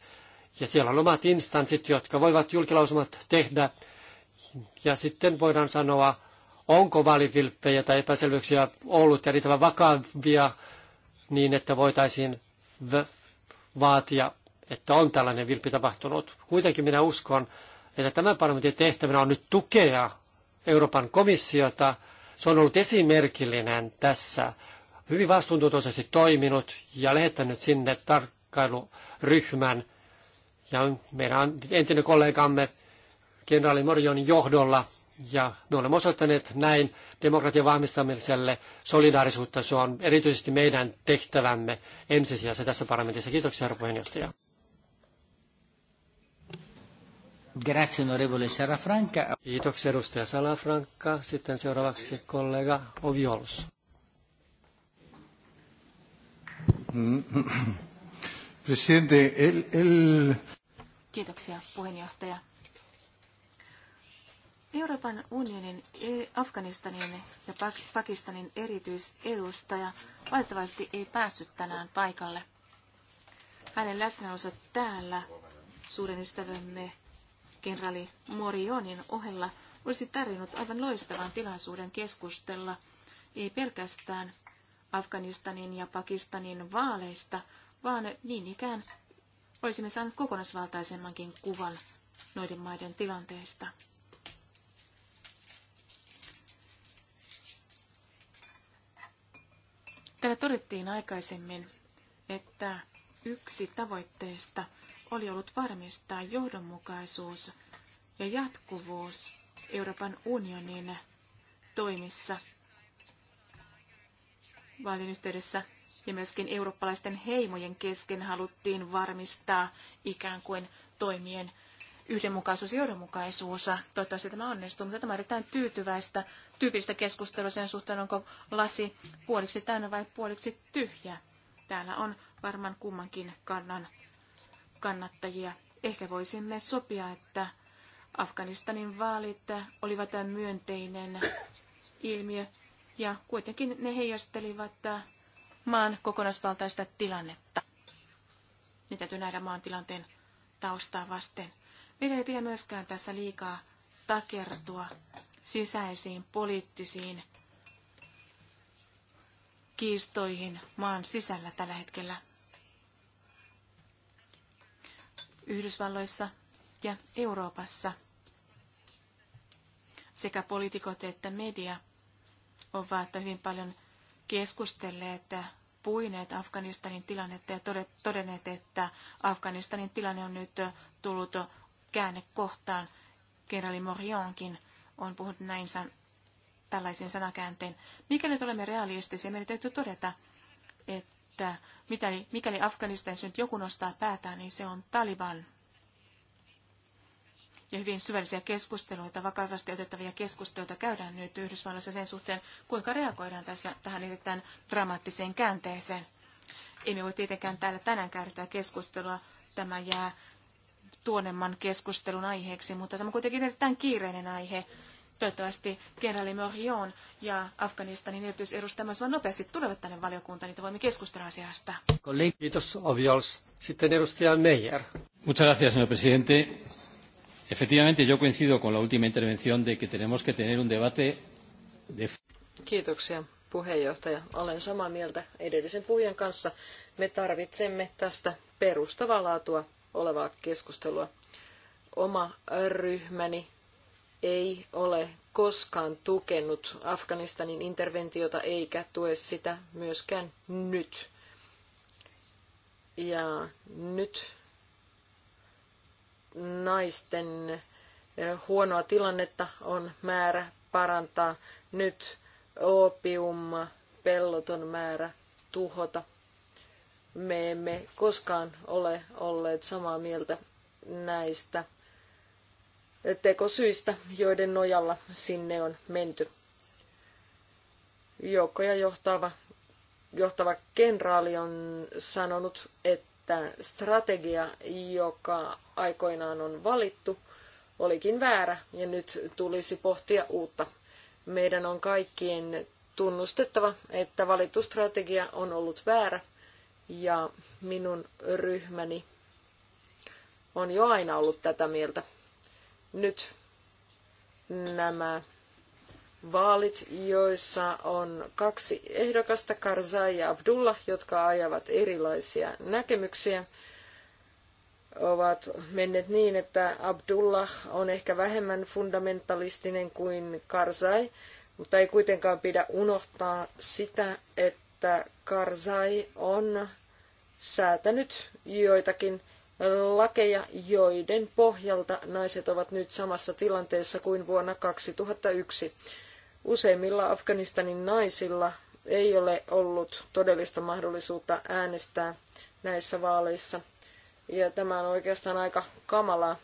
Ja siellä on omat instanssit, jotka voivat julkilausumat tehdä. Ja sitten voidaan sanoa, onko vaalivilppejä tai epäselvyyksiä ollut ja riittävän vakavia niin, että voitaisiin vaatia, että on tällainen vilppi tapahtunut. Kuitenkin minä uskon, että tämän parlamentin tehtävänä on nyt tukea Euroopan komissiota. Se on ollut esimerkillinen tässä, hyvin vastuuntuntoisesti toiminut ja lähettänyt sinne tarkkailuryhmän – ja meidän entinen kollegamme kenraali Morjonin johdolla, ja me olemme osoittaneet näin demokratian vahvistamiselle solidaarisuutta. Se on erityisesti meidän tehtävämme ensisijassa tässä parlamentissa. Kiitoksia, herra puheenjohtaja. Grazie, onorevole Salafranca. Kiitoksia, edustaja Salafranca. Sitten seuraavaksi kollega Oviols. Mm. [CLEARS THROAT] Presidente, el, el... Kiitoksia, puheenjohtaja. Euroopan unionin e, Afganistanin ja Pakistanin erityisedustaja valitettavasti ei päässyt tänään paikalle. Hänen läsnäolonsa täällä suuren ystävämme kenraali Morionin ohella olisi tarjonnut aivan loistavan tilaisuuden keskustella ei pelkästään Afganistanin ja Pakistanin vaaleista, vaan niin ikään olisimme saaneet kokonaisvaltaisemmankin kuvan noiden maiden tilanteesta. Täällä todettiin aikaisemmin, että yksi tavoitteista oli ollut varmistaa johdonmukaisuus ja jatkuvuus Euroopan unionin toimissa vaalin yhteydessä ja myöskin eurooppalaisten heimojen kesken haluttiin varmistaa ikään kuin toimien yhdenmukaisuus ja johdonmukaisuus. Toivottavasti tämä onnistuu, mutta tämä on erittäin tyytyväistä, tyypillistä keskustelua sen suhteen, onko lasi puoliksi täynnä vai puoliksi tyhjä. Täällä on varmaan kummankin kannan kannattajia. Ehkä voisimme sopia, että Afganistanin vaalit olivat myönteinen ilmiö ja kuitenkin ne heijastelivat maan kokonaisvaltaista tilannetta. Niitä täytyy nähdä maan tilanteen taustaa vasten. Meidän ei pidä myöskään tässä liikaa takertua sisäisiin poliittisiin kiistoihin maan sisällä tällä hetkellä. Yhdysvalloissa ja Euroopassa sekä poliitikot että media ovat hyvin paljon keskustelleet puineet Afganistanin tilannetta ja todenneet, että Afganistanin tilanne on nyt tullut käännekohtaan. Kerali Morionkin on puhunut näin san- tällaisen sanakäänteen. Mikä nyt olemme realistisia, meidän täytyy todeta, että mitäli, mikäli Afganistanissa nyt joku nostaa päätään, niin se on Taliban – ja hyvin syvällisiä keskusteluita, vakavasti otettavia keskusteluita käydään nyt Yhdysvalloissa sen suhteen, kuinka reagoidaan tässä, tähän erittäin dramaattiseen käänteeseen. Emme voi tietenkään täällä tänään käydä keskustelua. Tämä jää tuonemman keskustelun aiheeksi, mutta tämä on kuitenkin erittäin kiireinen aihe. Toivottavasti kenraali Morion ja Afganistanin erityisedustaja mahdollisimman nopeasti tulevat tänne valiokuntaan, niin voimme keskustella asiasta. Kiitos, Avials. Sitten edustaja Meijer. Muchas gracias, señor presidente. Efectivamente, yo coincido con la última intervención de que tenemos que tener un debate de... Kiitoksia puheenjohtaja. Olen samaa mieltä edellisen puhujan kanssa. Me tarvitsemme tästä perustavaa laatua olevaa keskustelua. Oma ryhmäni ei ole koskaan tukenut Afganistanin interventiota eikä tue sitä myöskään nyt. Ja nyt naisten eh, huonoa tilannetta on määrä parantaa. Nyt opium, pelloton määrä tuhota. Me emme koskaan ole olleet samaa mieltä näistä tekosyistä, joiden nojalla sinne on menty. Joukkoja johtava, johtava kenraali on sanonut, että että strategia, joka aikoinaan on valittu, olikin väärä ja nyt tulisi pohtia uutta. Meidän on kaikkien tunnustettava, että valittu strategia on ollut väärä ja minun ryhmäni on jo aina ollut tätä mieltä. Nyt nämä vaalit, joissa on kaksi ehdokasta, Karzai ja Abdullah, jotka ajavat erilaisia näkemyksiä, ovat menneet niin, että Abdullah on ehkä vähemmän fundamentalistinen kuin Karzai, mutta ei kuitenkaan pidä unohtaa sitä, että Karzai on säätänyt joitakin lakeja, joiden pohjalta naiset ovat nyt samassa tilanteessa kuin vuonna 2001. Useimmilla Afganistanin naisilla ei ole ollut todellista mahdollisuutta äänestää näissä vaaleissa. Ja tämä on oikeastaan aika kamalaa,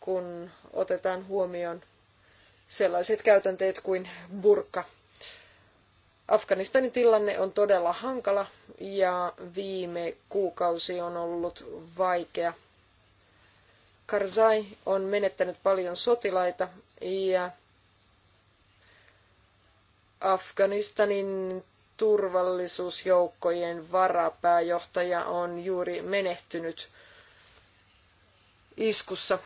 kun otetaan huomioon sellaiset käytänteet kuin burka. Afganistanin tilanne on todella hankala ja viime kuukausi on ollut vaikea. Karzai on menettänyt paljon sotilaita ja Afganistanin turvallisuusjoukkojen varapääjohtaja on juuri menehtynyt iskussa.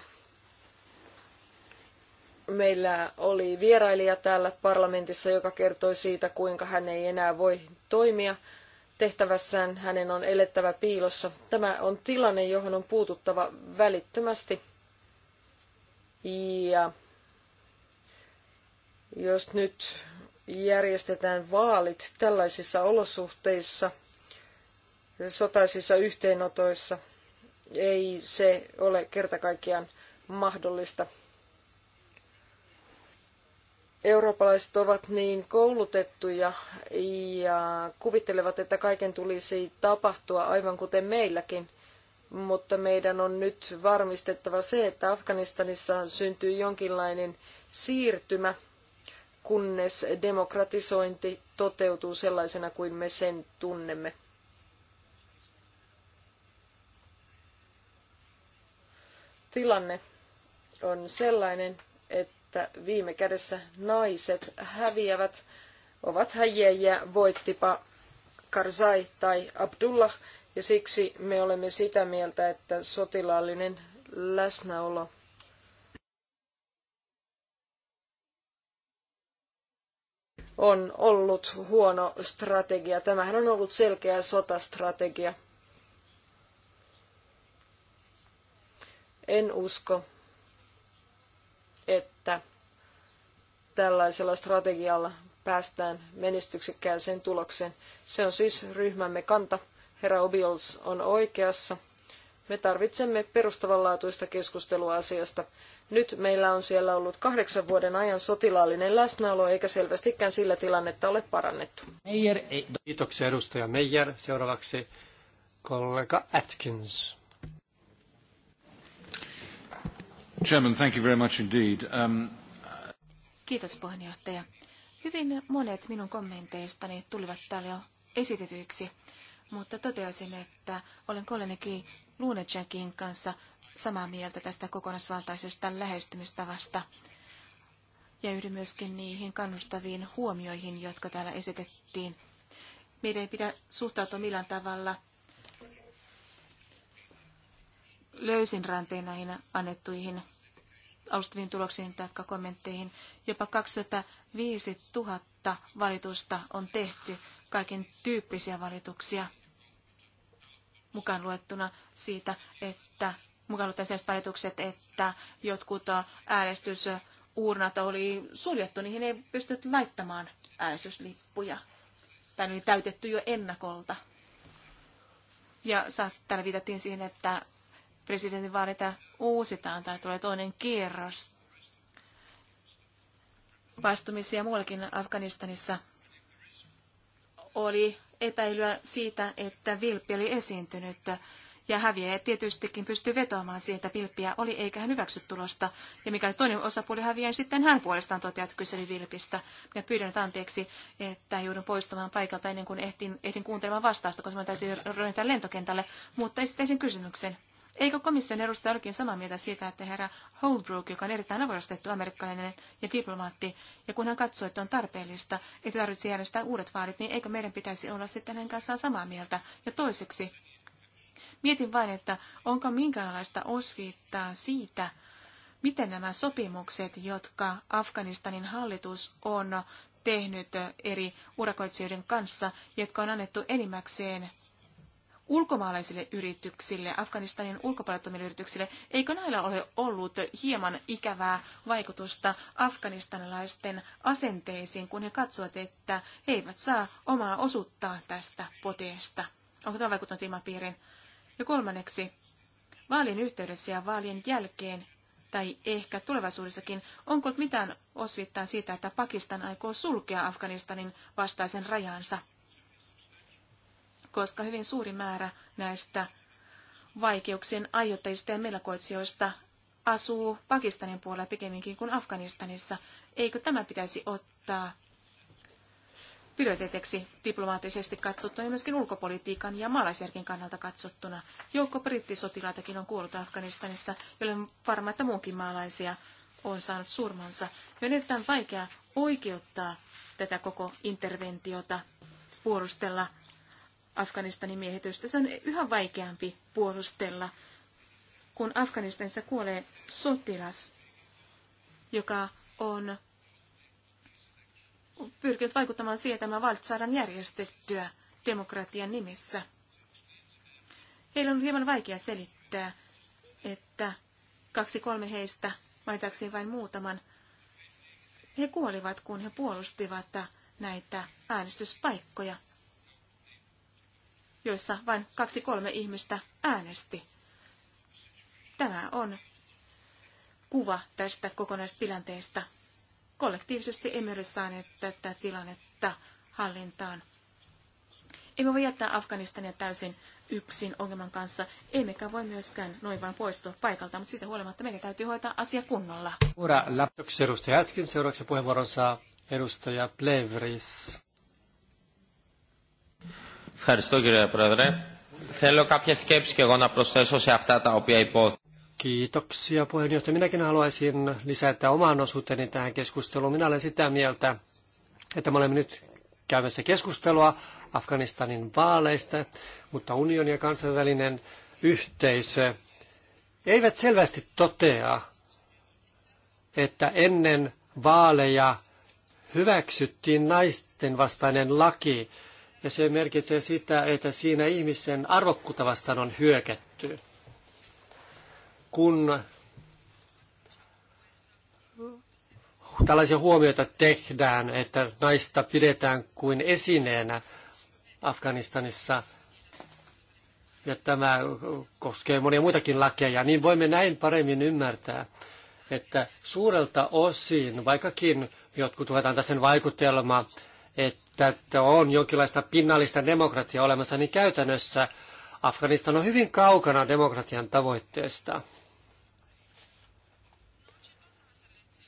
Meillä oli vierailija täällä parlamentissa, joka kertoi siitä, kuinka hän ei enää voi toimia tehtävässään. Hänen on elettävä piilossa. Tämä on tilanne, johon on puututtava välittömästi. Ja jos nyt järjestetään vaalit tällaisissa olosuhteissa, sotaisissa yhteenotoissa, ei se ole kertakaikkiaan mahdollista. Eurooppalaiset ovat niin koulutettuja ja kuvittelevat, että kaiken tulisi tapahtua aivan kuten meilläkin. Mutta meidän on nyt varmistettava se, että Afganistanissa syntyy jonkinlainen siirtymä – kunnes demokratisointi toteutuu sellaisena kuin me sen tunnemme. Tilanne on sellainen, että viime kädessä naiset häviävät, ovat häjiäjiä, voittipa Karzai tai Abdullah, ja siksi me olemme sitä mieltä, että sotilaallinen läsnäolo on ollut huono strategia. Tämähän on ollut selkeä sotastrategia. En usko, että tällaisella strategialla päästään menestyksekkääseen tulokseen. Se on siis ryhmämme kanta. Herra Obiols on oikeassa. Me tarvitsemme perustavanlaatuista keskustelua asiasta. Nyt meillä on siellä ollut kahdeksan vuoden ajan sotilaallinen läsnäolo, eikä selvästikään sillä tilannetta ole parannettu. Meijer, ei. Kiitoksia edustaja Meijer. Seuraavaksi kollega Atkins. Chairman, thank you very much indeed. Um... Kiitos puheenjohtaja. Hyvin monet minun kommenteistani tulivat täällä jo esitetyiksi, mutta toteaisin, että olen kollegani Lunacekin kanssa samaa mieltä tästä kokonaisvaltaisesta lähestymistavasta. Ja yhdy myöskin niihin kannustaviin huomioihin, jotka täällä esitettiin. Meidän ei pidä suhtautua millään tavalla löysin ranteen näihin annettuihin alustaviin tuloksiin tai kommentteihin. Jopa 25 000 valitusta on tehty, kaiken tyyppisiä valituksia mukaan luettuna siitä, että mukaan luettaisiin valitukset, että jotkut äh, äänestysuurnat oli suljettu, niihin ei pystynyt laittamaan äänestyslippuja. Tai oli täytetty jo ennakolta. Ja täällä viitattiin siihen, että presidentin vaalita uusitaan tai tulee toinen kierros. Vastumisia muuallakin Afganistanissa oli epäilyä siitä, että vilppi oli esiintynyt. Ja häviäjä tietystikin pystyi vetoamaan siihen, että vilppiä oli eikä hän hyväksy tulosta. Ja mikäli toinen osapuoli häviää, niin sitten hän puolestaan toteaa, että kyseli vilpistä. Ja pyydän että anteeksi, että joudun poistumaan paikalta ennen kuin ehtin, ehdin kuuntelemaan vastausta, koska minun täytyy röyntää lentokentälle. Mutta esittäisin kysymyksen. Eikö komission edustaja olikin samaa mieltä siitä, että herra Holbrook, joka on erittäin avarastettu amerikkalainen ja diplomaatti, ja kun hän katsoo, että on tarpeellista, että tarvitsisi järjestää uudet vaalit, niin eikö meidän pitäisi olla sitten hänen kanssaan samaa mieltä? Ja toiseksi, mietin vain, että onko minkäänlaista osviittaa siitä, miten nämä sopimukset, jotka Afganistanin hallitus on tehnyt eri urakoitsijoiden kanssa, jotka on annettu enimmäkseen ulkomaalaisille yrityksille, Afganistanin ulkopuolettomille yrityksille, eikö näillä ole ollut hieman ikävää vaikutusta afganistanilaisten asenteisiin, kun he katsovat, että he eivät saa omaa osuuttaan tästä poteesta? Onko tämä vaikuttanut ilmapiirin? Ja kolmanneksi, vaalien yhteydessä ja vaalien jälkeen tai ehkä tulevaisuudessakin, onko mitään osvittaa siitä, että Pakistan aikoo sulkea Afganistanin vastaisen rajansa? koska hyvin suuri määrä näistä vaikeuksien aiheuttajista ja melkoitsijoista asuu Pakistanin puolella pikemminkin kuin Afganistanissa. Eikö tämä pitäisi ottaa prioriteetiksi diplomaattisesti katsottuna ja myöskin ulkopolitiikan ja maalaisjärkin kannalta katsottuna. Joukko brittisotilaitakin on kuollut Afganistanissa, on varma, että muunkin maalaisia on saanut surmansa. Ja nyt on vaikea oikeuttaa tätä koko interventiota, puolustella Afganistanin miehitystä. Se on yhä vaikeampi puolustella, kun Afganistanissa kuolee sotilas, joka on pyrkinyt vaikuttamaan siihen, että tämä vaalit saadaan järjestettyä demokratian nimissä. Heillä on hieman vaikea selittää, että kaksi kolme heistä, mainitakseni vain muutaman, he kuolivat, kun he puolustivat näitä äänestyspaikkoja joissa vain kaksi kolme ihmistä äänesti. Tämä on kuva tästä kokonaistilanteesta. Kollektiivisesti emme ole saaneet tätä tilannetta hallintaan. Emme voi jättää Afganistania täysin yksin ongelman kanssa, emmekä voi myöskään noin vain poistua paikalta, mutta siitä huolimatta meidän täytyy hoitaa asia kunnolla. Ura, edustaja Hätkin, seuraavaksi puheenvuoron saa edustaja Plevris. Ευχαριστώ κύριε Πρόεδρε. Θέλω κάποια σκέψη και εγώ να προσθέσω σε αυτά τα οποία υπόθηκαν. Kiitoksia puheenjohtaja. Minäkin haluaisin lisätä oman osuuteni tähän keskusteluun. Minä olen sitä mieltä, että me olemme nyt käymässä keskustelua Afganistanin vaaleista, mutta unioni ja kansainvälinen yhteisö eivät selvästi totea, että ennen vaaleja hyväksyttiin naisten vastainen laki, ja se merkitsee sitä, että siinä ihmisen arvokkuutta vastaan on hyökätty. Kun tällaisia huomioita tehdään, että naista pidetään kuin esineenä Afganistanissa, ja tämä koskee monia muitakin lakeja, niin voimme näin paremmin ymmärtää, että suurelta osin, vaikkakin jotkut ovat antaa sen vaikutelma, että on jonkinlaista pinnallista demokratiaa olemassa, niin käytännössä Afganistan on hyvin kaukana demokratian tavoitteesta.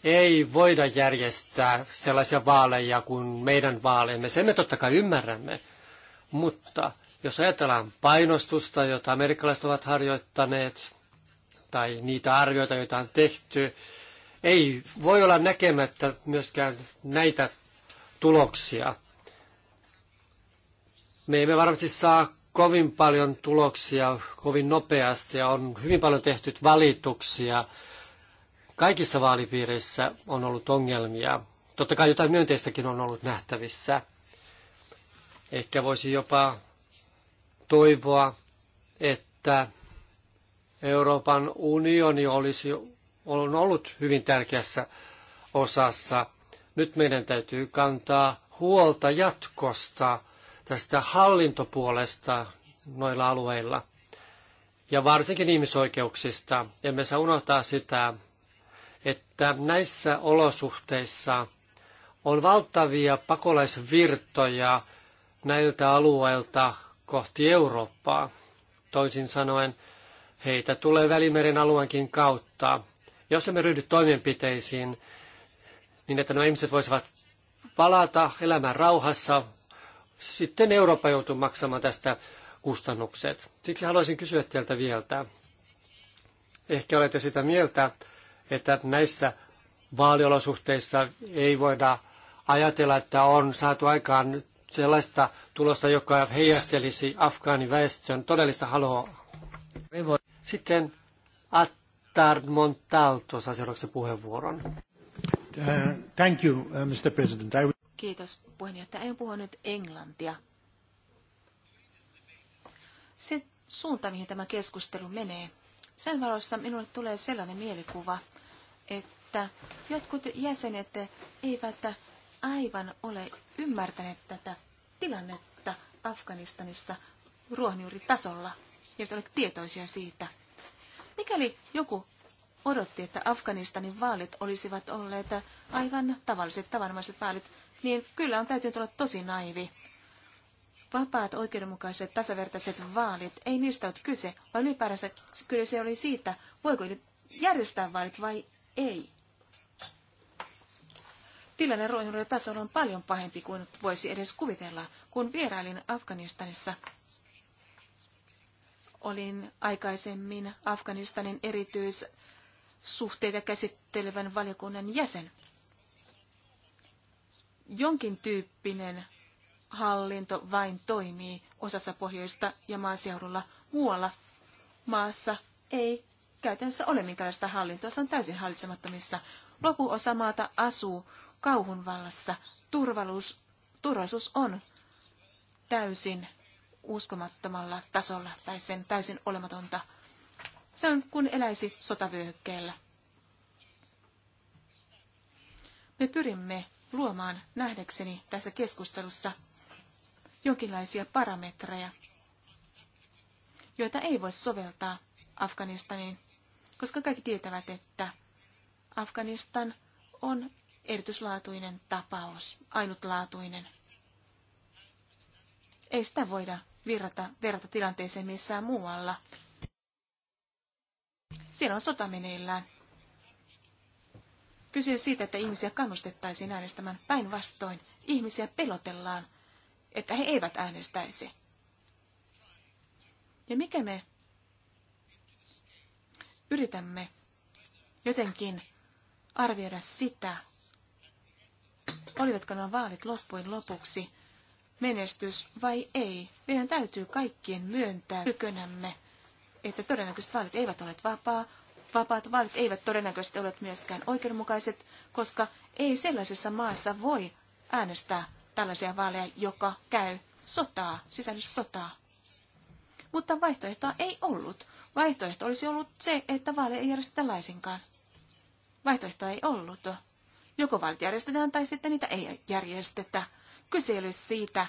Ei voida järjestää sellaisia vaaleja kuin meidän vaaleemme. Sen me totta kai ymmärrämme. Mutta jos ajatellaan painostusta, jota amerikkalaiset ovat harjoittaneet, tai niitä arvioita, joita on tehty, ei voi olla näkemättä myöskään näitä tuloksia. Me emme varmasti saa kovin paljon tuloksia kovin nopeasti ja on hyvin paljon tehty valituksia. Kaikissa vaalipiireissä on ollut ongelmia. Totta kai jotain myönteistäkin on ollut nähtävissä. Ehkä voisi jopa toivoa, että Euroopan unioni olisi on ollut hyvin tärkeässä osassa – nyt meidän täytyy kantaa huolta jatkosta tästä hallintopuolesta noilla alueilla ja varsinkin ihmisoikeuksista. Emme saa unohtaa sitä, että näissä olosuhteissa on valtavia pakolaisvirtoja näiltä alueilta kohti Eurooppaa. Toisin sanoen, heitä tulee Välimeren alueenkin kautta. Jos emme ryhdy toimenpiteisiin, niin että nuo ihmiset voisivat palata elämään rauhassa. Sitten Eurooppa joutuu maksamaan tästä kustannukset. Siksi haluaisin kysyä teiltä vielä. Ehkä olette sitä mieltä, että näissä vaaliolosuhteissa ei voida ajatella, että on saatu aikaan sellaista tulosta, joka heijastelisi afgaaniväestön todellista halua. Sitten Attar Montalto saa seuraavaksi puheenvuoron. Uh, thank you, uh, Mr. President. I... Kiitos puheenjohtaja. En puhu nyt englantia. Se suunta, mihin tämä keskustelu menee, sen valossa minulle tulee sellainen mielikuva, että jotkut jäsenet eivät aivan ole ymmärtäneet tätä tilannetta Afganistanissa ruohonjuuritasolla, eivät ole tietoisia siitä. Mikäli joku odotti, että Afganistanin vaalit olisivat olleet aivan tavalliset, tavanomaiset vaalit, niin kyllä on täytynyt olla tosi naivi. Vapaat, oikeudenmukaiset, tasavertaiset vaalit, ei niistä ole kyse, vaan ylipäänsä kyllä se oli siitä, voiko järjestää vaalit vai ei. Tilanne tasolla on paljon pahempi kuin voisi edes kuvitella, kun vierailin Afganistanissa. Olin aikaisemmin Afganistanin erityis suhteita käsittelevän valiokunnan jäsen. Jonkin tyyppinen hallinto vain toimii osassa pohjoista ja maaseudulla muualla maassa ei käytännössä ole minkälaista hallintoa, se on täysin hallitsemattomissa. Lopuosa maata asuu kauhun vallassa. Turvallisuus, turvallisuus on täysin uskomattomalla tasolla tai sen täysin olematonta se on kun eläisi sotavyöhykkeellä. Me pyrimme luomaan nähdäkseni tässä keskustelussa jonkinlaisia parametreja, joita ei voi soveltaa Afganistaniin, koska kaikki tietävät, että Afganistan on erityislaatuinen tapaus, ainutlaatuinen. Ei sitä voida virrata, verrata tilanteeseen missään muualla – siellä on sota meneillään. Kyse siitä, että ihmisiä kannustettaisiin äänestämään päinvastoin. Ihmisiä pelotellaan, että he eivät äänestäisi. Ja mikä me yritämme jotenkin arvioida sitä, olivatko nämä vaalit loppujen lopuksi menestys vai ei. Meidän täytyy kaikkien myöntää tykönämme että todennäköiset vaalit eivät ole vapaa, vapaat vaalit eivät todennäköisesti ole myöskään oikeudenmukaiset, koska ei sellaisessa maassa voi äänestää tällaisia vaaleja, joka käy sotaa, sisällissotaa. Mutta vaihtoehtoa ei ollut. Vaihtoehto olisi ollut se, että vaaleja ei järjestetä laisinkaan. Vaihtoehtoa ei ollut. Joko vaalit järjestetään tai sitten niitä ei järjestetä. Kyse ei ole siitä,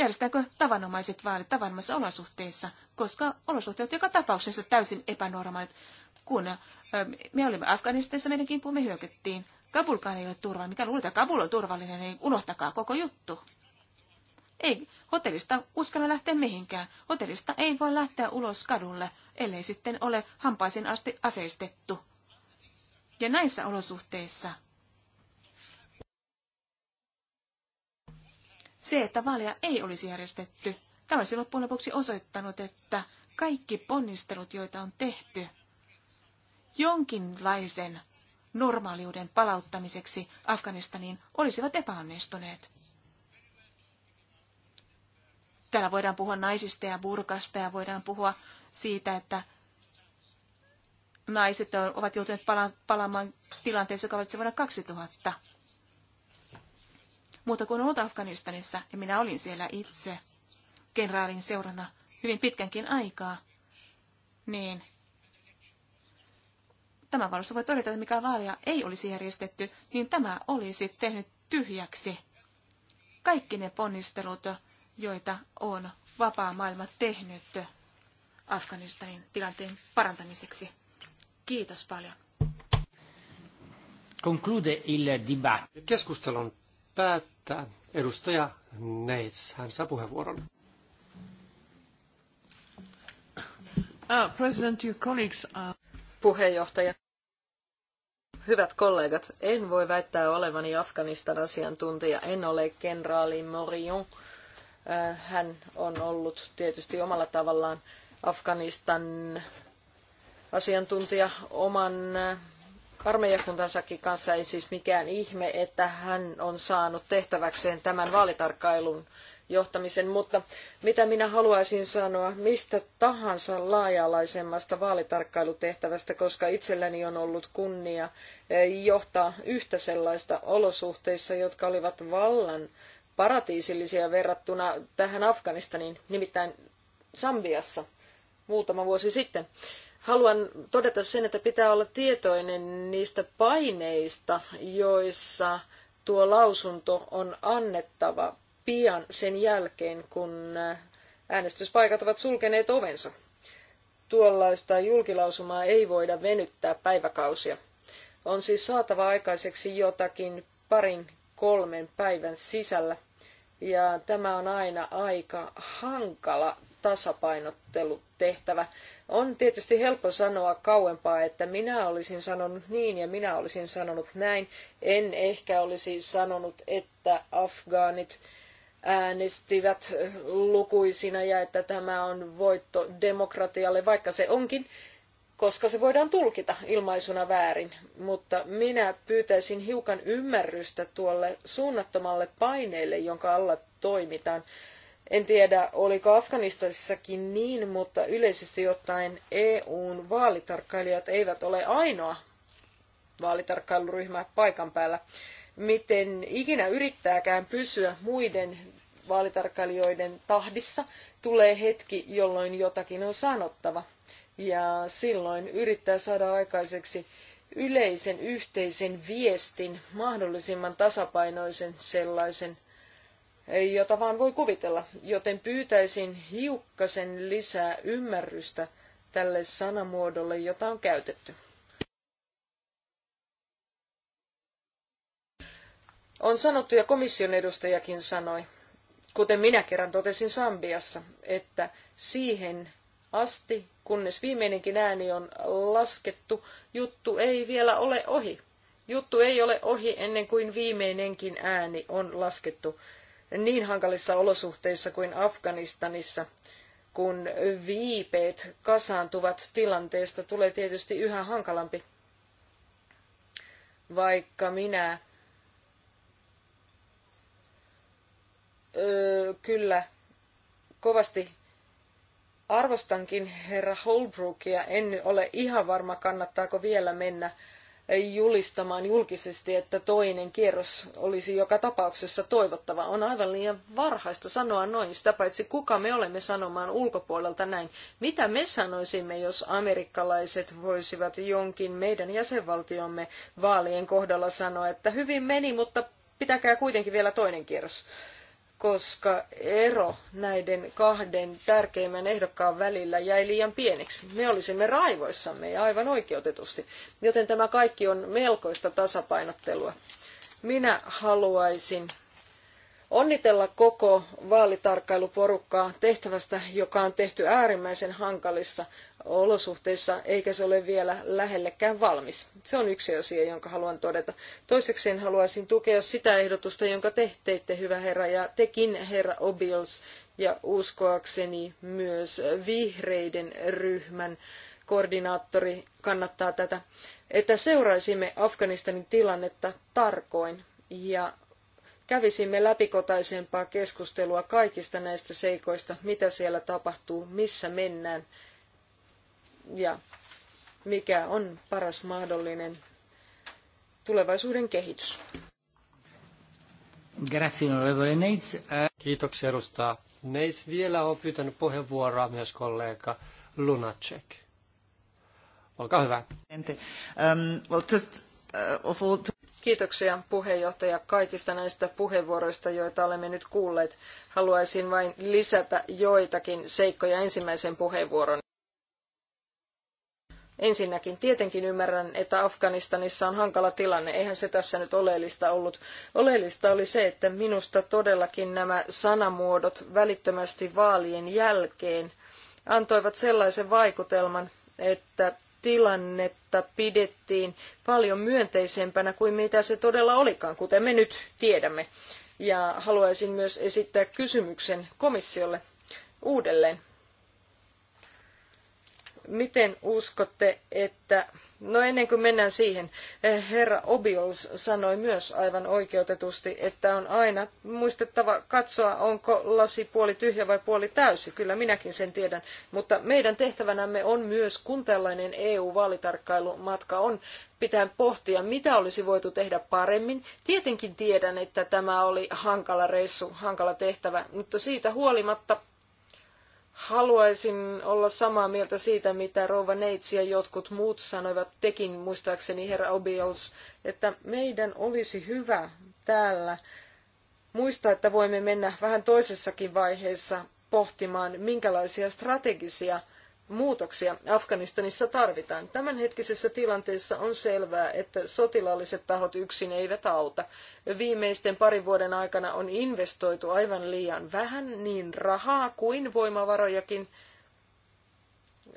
järjestääkö tavanomaiset vaalit tavanomaisissa olosuhteissa, koska olosuhteet joka tapauksessa täysin epänormaalit. Kun me olimme Afganistanissa, meidän kimpuumme hyökettiin. Kabulkaan ei ole turvallinen. Mikä luulet, että Kabul on turvallinen, niin unohtakaa koko juttu. Ei hotellista uskalla lähteä mihinkään. Hotellista ei voi lähteä ulos kadulle, ellei sitten ole hampaisin asti aseistettu. Ja näissä olosuhteissa Se, että vaaleja ei olisi järjestetty, tämä olisi loppujen lopuksi osoittanut, että kaikki ponnistelut, joita on tehty jonkinlaisen normaaliuden palauttamiseksi Afganistaniin, olisivat epäonnistuneet. Täällä voidaan puhua naisista ja burkasta ja voidaan puhua siitä, että naiset ovat joutuneet pala- palaamaan tilanteeseen, joka valitsi vuonna 2000. Mutta kun olet Afganistanissa, ja minä olin siellä itse kenraalin seurana hyvin pitkänkin aikaa, niin tämä valossa voi todeta, että mikä vaalia ei olisi järjestetty, niin tämä olisi tehnyt tyhjäksi kaikki ne ponnistelut, joita on vapaa maailma tehnyt Afganistanin tilanteen parantamiseksi. Kiitos paljon. Conclude il dibattito. Keskustelun päättää. Edustaja Neitz hän saa puheenvuoron. Uh, president, your colleagues are... Puheenjohtaja. Hyvät kollegat, en voi väittää olevani Afganistan asiantuntija. En ole kenraali Morion. Äh, hän on ollut tietysti omalla tavallaan Afganistan asiantuntija oman äh, armeijakuntansakin kanssa ei siis mikään ihme, että hän on saanut tehtäväkseen tämän vaalitarkkailun johtamisen, mutta mitä minä haluaisin sanoa mistä tahansa laajalaisemmasta vaalitarkkailutehtävästä, koska itselläni on ollut kunnia eh, johtaa yhtä sellaista olosuhteissa, jotka olivat vallan paratiisillisia verrattuna tähän Afganistaniin, nimittäin Sambiassa muutama vuosi sitten haluan todeta sen, että pitää olla tietoinen niistä paineista, joissa tuo lausunto on annettava pian sen jälkeen, kun äh, äänestyspaikat ovat sulkeneet ovensa. Tuollaista julkilausumaa ei voida venyttää päiväkausia. On siis saatava aikaiseksi jotakin parin kolmen päivän sisällä. Ja tämä on aina aika hankala tasapainottelu tehtävä. On tietysti helppo sanoa kauempaa, että minä olisin sanonut niin ja minä olisin sanonut näin. En ehkä olisi sanonut, että afgaanit äänestivät lukuisina ja että tämä on voitto demokratialle, vaikka se onkin, koska se voidaan tulkita ilmaisuna väärin. Mutta minä pyytäisin hiukan ymmärrystä tuolle suunnattomalle paineelle, jonka alla toimitaan. En tiedä, oliko Afganistanissakin niin, mutta yleisesti ottaen EUn vaalitarkkailijat eivät ole ainoa vaalitarkkailuryhmä paikan päällä. Miten ikinä yrittääkään pysyä muiden vaalitarkkailijoiden tahdissa, tulee hetki, jolloin jotakin on sanottava. Ja silloin yrittää saada aikaiseksi yleisen yhteisen viestin, mahdollisimman tasapainoisen sellaisen, jota vaan voi kuvitella. Joten pyytäisin hiukkasen lisää ymmärrystä tälle sanamuodolle, jota on käytetty. On sanottu ja komission edustajakin sanoi, kuten minä kerran totesin Sambiassa, että siihen asti, kunnes viimeinenkin ääni on laskettu, juttu ei vielä ole ohi. Juttu ei ole ohi ennen kuin viimeinenkin ääni on laskettu niin hankalissa olosuhteissa kuin Afganistanissa. Kun viipeet kasaantuvat tilanteesta, tulee tietysti yhä hankalampi. Vaikka minä öö, kyllä kovasti arvostankin herra Holbrookia, en ole ihan varma kannattaako vielä mennä julistamaan julkisesti, että toinen kierros olisi joka tapauksessa toivottava. On aivan liian varhaista sanoa noin, sitä paitsi kuka me olemme sanomaan ulkopuolelta näin. Mitä me sanoisimme, jos amerikkalaiset voisivat jonkin meidän jäsenvaltiomme vaalien kohdalla sanoa, että hyvin meni, mutta pitäkää kuitenkin vielä toinen kierros koska ero näiden kahden tärkeimmän ehdokkaan välillä jäi liian pieneksi. Me olisimme raivoissamme ja aivan oikeutetusti, joten tämä kaikki on melkoista tasapainottelua. Minä haluaisin onnitella koko vaalitarkkailuporukkaa tehtävästä, joka on tehty äärimmäisen hankalissa olosuhteissa, eikä se ole vielä lähellekään valmis. Se on yksi asia, jonka haluan todeta. Toiseksi haluaisin tukea sitä ehdotusta, jonka te teitte, hyvä herra, ja tekin, herra Obils, ja uskoakseni myös vihreiden ryhmän koordinaattori kannattaa tätä, että seuraisimme Afganistanin tilannetta tarkoin ja kävisimme läpikotaisempaa keskustelua kaikista näistä seikoista, mitä siellä tapahtuu, missä mennään ja mikä on paras mahdollinen tulevaisuuden kehitys. Kiitoksia edustaa. Neits vielä on pyytänyt puheenvuoroa myös kollega Lunacek. Olkaa hyvä. Um, well, just, uh, of all... Kiitoksia puheenjohtaja kaikista näistä puheenvuoroista, joita olemme nyt kuulleet. Haluaisin vain lisätä joitakin seikkoja ensimmäisen puheenvuoron. Ensinnäkin tietenkin ymmärrän, että Afganistanissa on hankala tilanne. Eihän se tässä nyt oleellista ollut. Oleellista oli se, että minusta todellakin nämä sanamuodot välittömästi vaalien jälkeen antoivat sellaisen vaikutelman, että tilannetta pidettiin paljon myönteisempänä kuin mitä se todella olikaan, kuten me nyt tiedämme. Ja haluaisin myös esittää kysymyksen komissiolle uudelleen miten uskotte, että, no ennen kuin mennään siihen, eh, herra Obiols sanoi myös aivan oikeutetusti, että on aina muistettava katsoa, onko lasi puoli tyhjä vai puoli täysi. Kyllä minäkin sen tiedän, mutta meidän tehtävänämme on myös, kun tällainen EU-vaalitarkkailumatka on, pitää pohtia, mitä olisi voitu tehdä paremmin. Tietenkin tiedän, että tämä oli hankala reissu, hankala tehtävä, mutta siitä huolimatta Haluaisin olla samaa mieltä siitä, mitä Rouva Neitsi ja jotkut muut sanoivat, tekin muistaakseni herra Obiols, että meidän olisi hyvä täällä muistaa, että voimme mennä vähän toisessakin vaiheessa pohtimaan, minkälaisia strategisia muutoksia Afganistanissa tarvitaan. Tämänhetkisessä tilanteessa on selvää, että sotilaalliset tahot yksin eivät auta. Viimeisten parin vuoden aikana on investoitu aivan liian vähän niin rahaa kuin voimavarojakin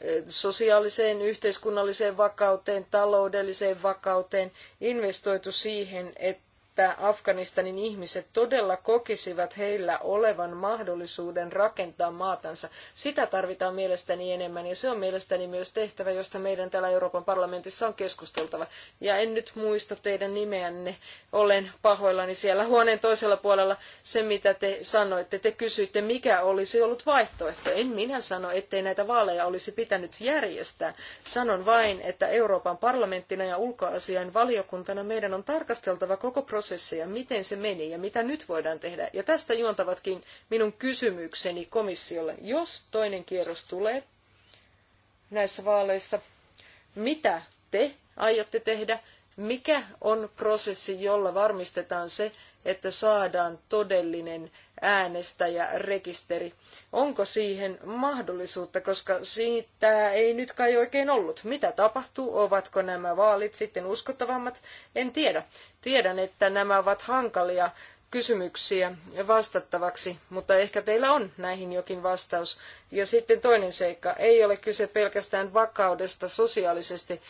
eh, sosiaaliseen, yhteiskunnalliseen vakauteen, taloudelliseen vakauteen, investoitu siihen, että että Afganistanin ihmiset todella kokisivat heillä olevan mahdollisuuden rakentaa maatansa. Sitä tarvitaan mielestäni enemmän ja se on mielestäni myös tehtävä, josta meidän täällä Euroopan parlamentissa on keskusteltava. Ja en nyt muista teidän nimeänne, olen pahoillani siellä huoneen toisella puolella se, mitä te sanoitte. Te kysyitte, mikä olisi ollut vaihtoehto. En minä sano, ettei näitä vaaleja olisi pitänyt järjestää. Sanon vain, että Euroopan parlamenttina ja ulkoasian valiokuntana meidän on tarkasteltava koko prosessi prosesseja, miten se meni ja mitä nyt voidaan tehdä. Ja tästä juontavatkin minun kysymykseni komissiolle. Jos toinen kierros tulee näissä vaaleissa, mitä te aiotte tehdä? Mikä on prosessi, jolla varmistetaan se, että saadaan todellinen äänestäjärekisteri. Onko siihen mahdollisuutta, koska siitä ei nyt kai oikein ollut. Mitä tapahtuu? Ovatko nämä vaalit sitten uskottavammat? En tiedä. Tiedän, että nämä ovat hankalia kysymyksiä vastattavaksi, mutta ehkä teillä on näihin jokin vastaus. Ja sitten toinen seikka. Ei ole kyse pelkästään vakaudesta sosiaalisesti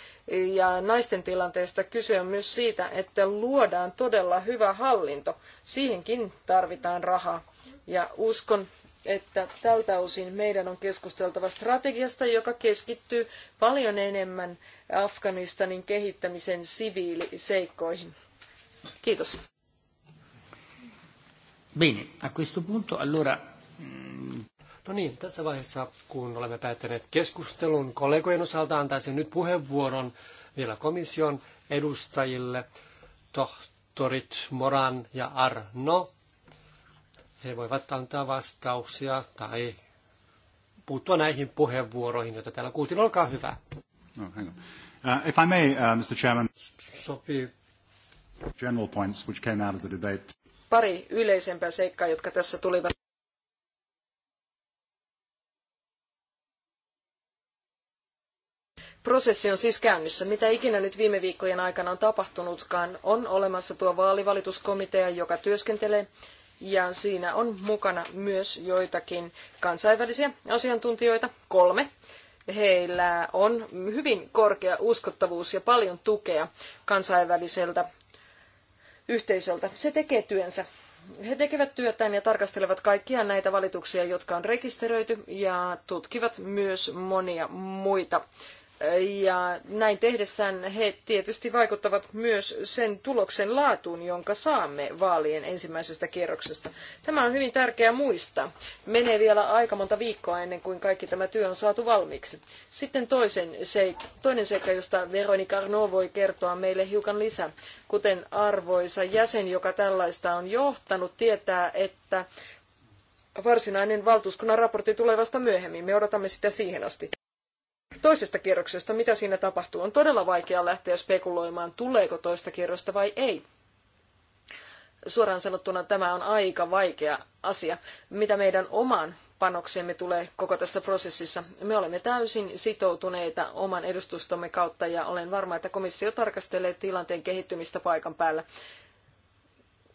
ja naisten tilanteesta. Kyse on myös siitä, että luodaan todella hyvä hallinto. Siihenkin tarvitaan rahaa. Ja uskon, että tältä osin meidän on keskusteltava strategiasta, joka keskittyy paljon enemmän Afganistanin kehittämisen siviiliseikkoihin. Kiitos. Bene, a questo punto allora... No niin, tässä vaiheessa kun olemme päättäneet keskustelun kollegojen osalta, antaisin nyt puheenvuoron vielä komission edustajille, tohtorit Moran ja Arno. He voivat antaa vastauksia tai puuttua näihin puheenvuoroihin, joita täällä kuultiin. Olkaa hyvä. No, hang on. Uh, if I may, uh, Mr. Chairman, sopii. General points which came out of the debate pari yleisempää seikkaa, jotka tässä tulivat. Prosessi on siis käynnissä. Mitä ikinä nyt viime viikkojen aikana on tapahtunutkaan, on olemassa tuo vaalivalituskomitea, joka työskentelee ja siinä on mukana myös joitakin kansainvälisiä asiantuntijoita, kolme. Heillä on hyvin korkea uskottavuus ja paljon tukea kansainväliseltä yhteisöltä. Se tekee työnsä. He tekevät työtään ja tarkastelevat kaikkia näitä valituksia, jotka on rekisteröity ja tutkivat myös monia muita ja näin tehdessään he tietysti vaikuttavat myös sen tuloksen laatuun, jonka saamme vaalien ensimmäisestä kierroksesta. Tämä on hyvin tärkeää muistaa. Menee vielä aika monta viikkoa ennen kuin kaikki tämä työ on saatu valmiiksi. Sitten toisen seik- toinen seikka, josta Veronika Arno voi kertoa meille hiukan lisää. Kuten arvoisa jäsen, joka tällaista on johtanut, tietää, että varsinainen valtuuskunnan raportti tulee vasta myöhemmin. Me odotamme sitä siihen asti toisesta kierroksesta, mitä siinä tapahtuu. On todella vaikea lähteä spekuloimaan, tuleeko toista kierrosta vai ei. Suoraan sanottuna tämä on aika vaikea asia, mitä meidän oman panoksemme tulee koko tässä prosessissa. Me olemme täysin sitoutuneita oman edustustomme kautta ja olen varma, että komissio tarkastelee tilanteen kehittymistä paikan päällä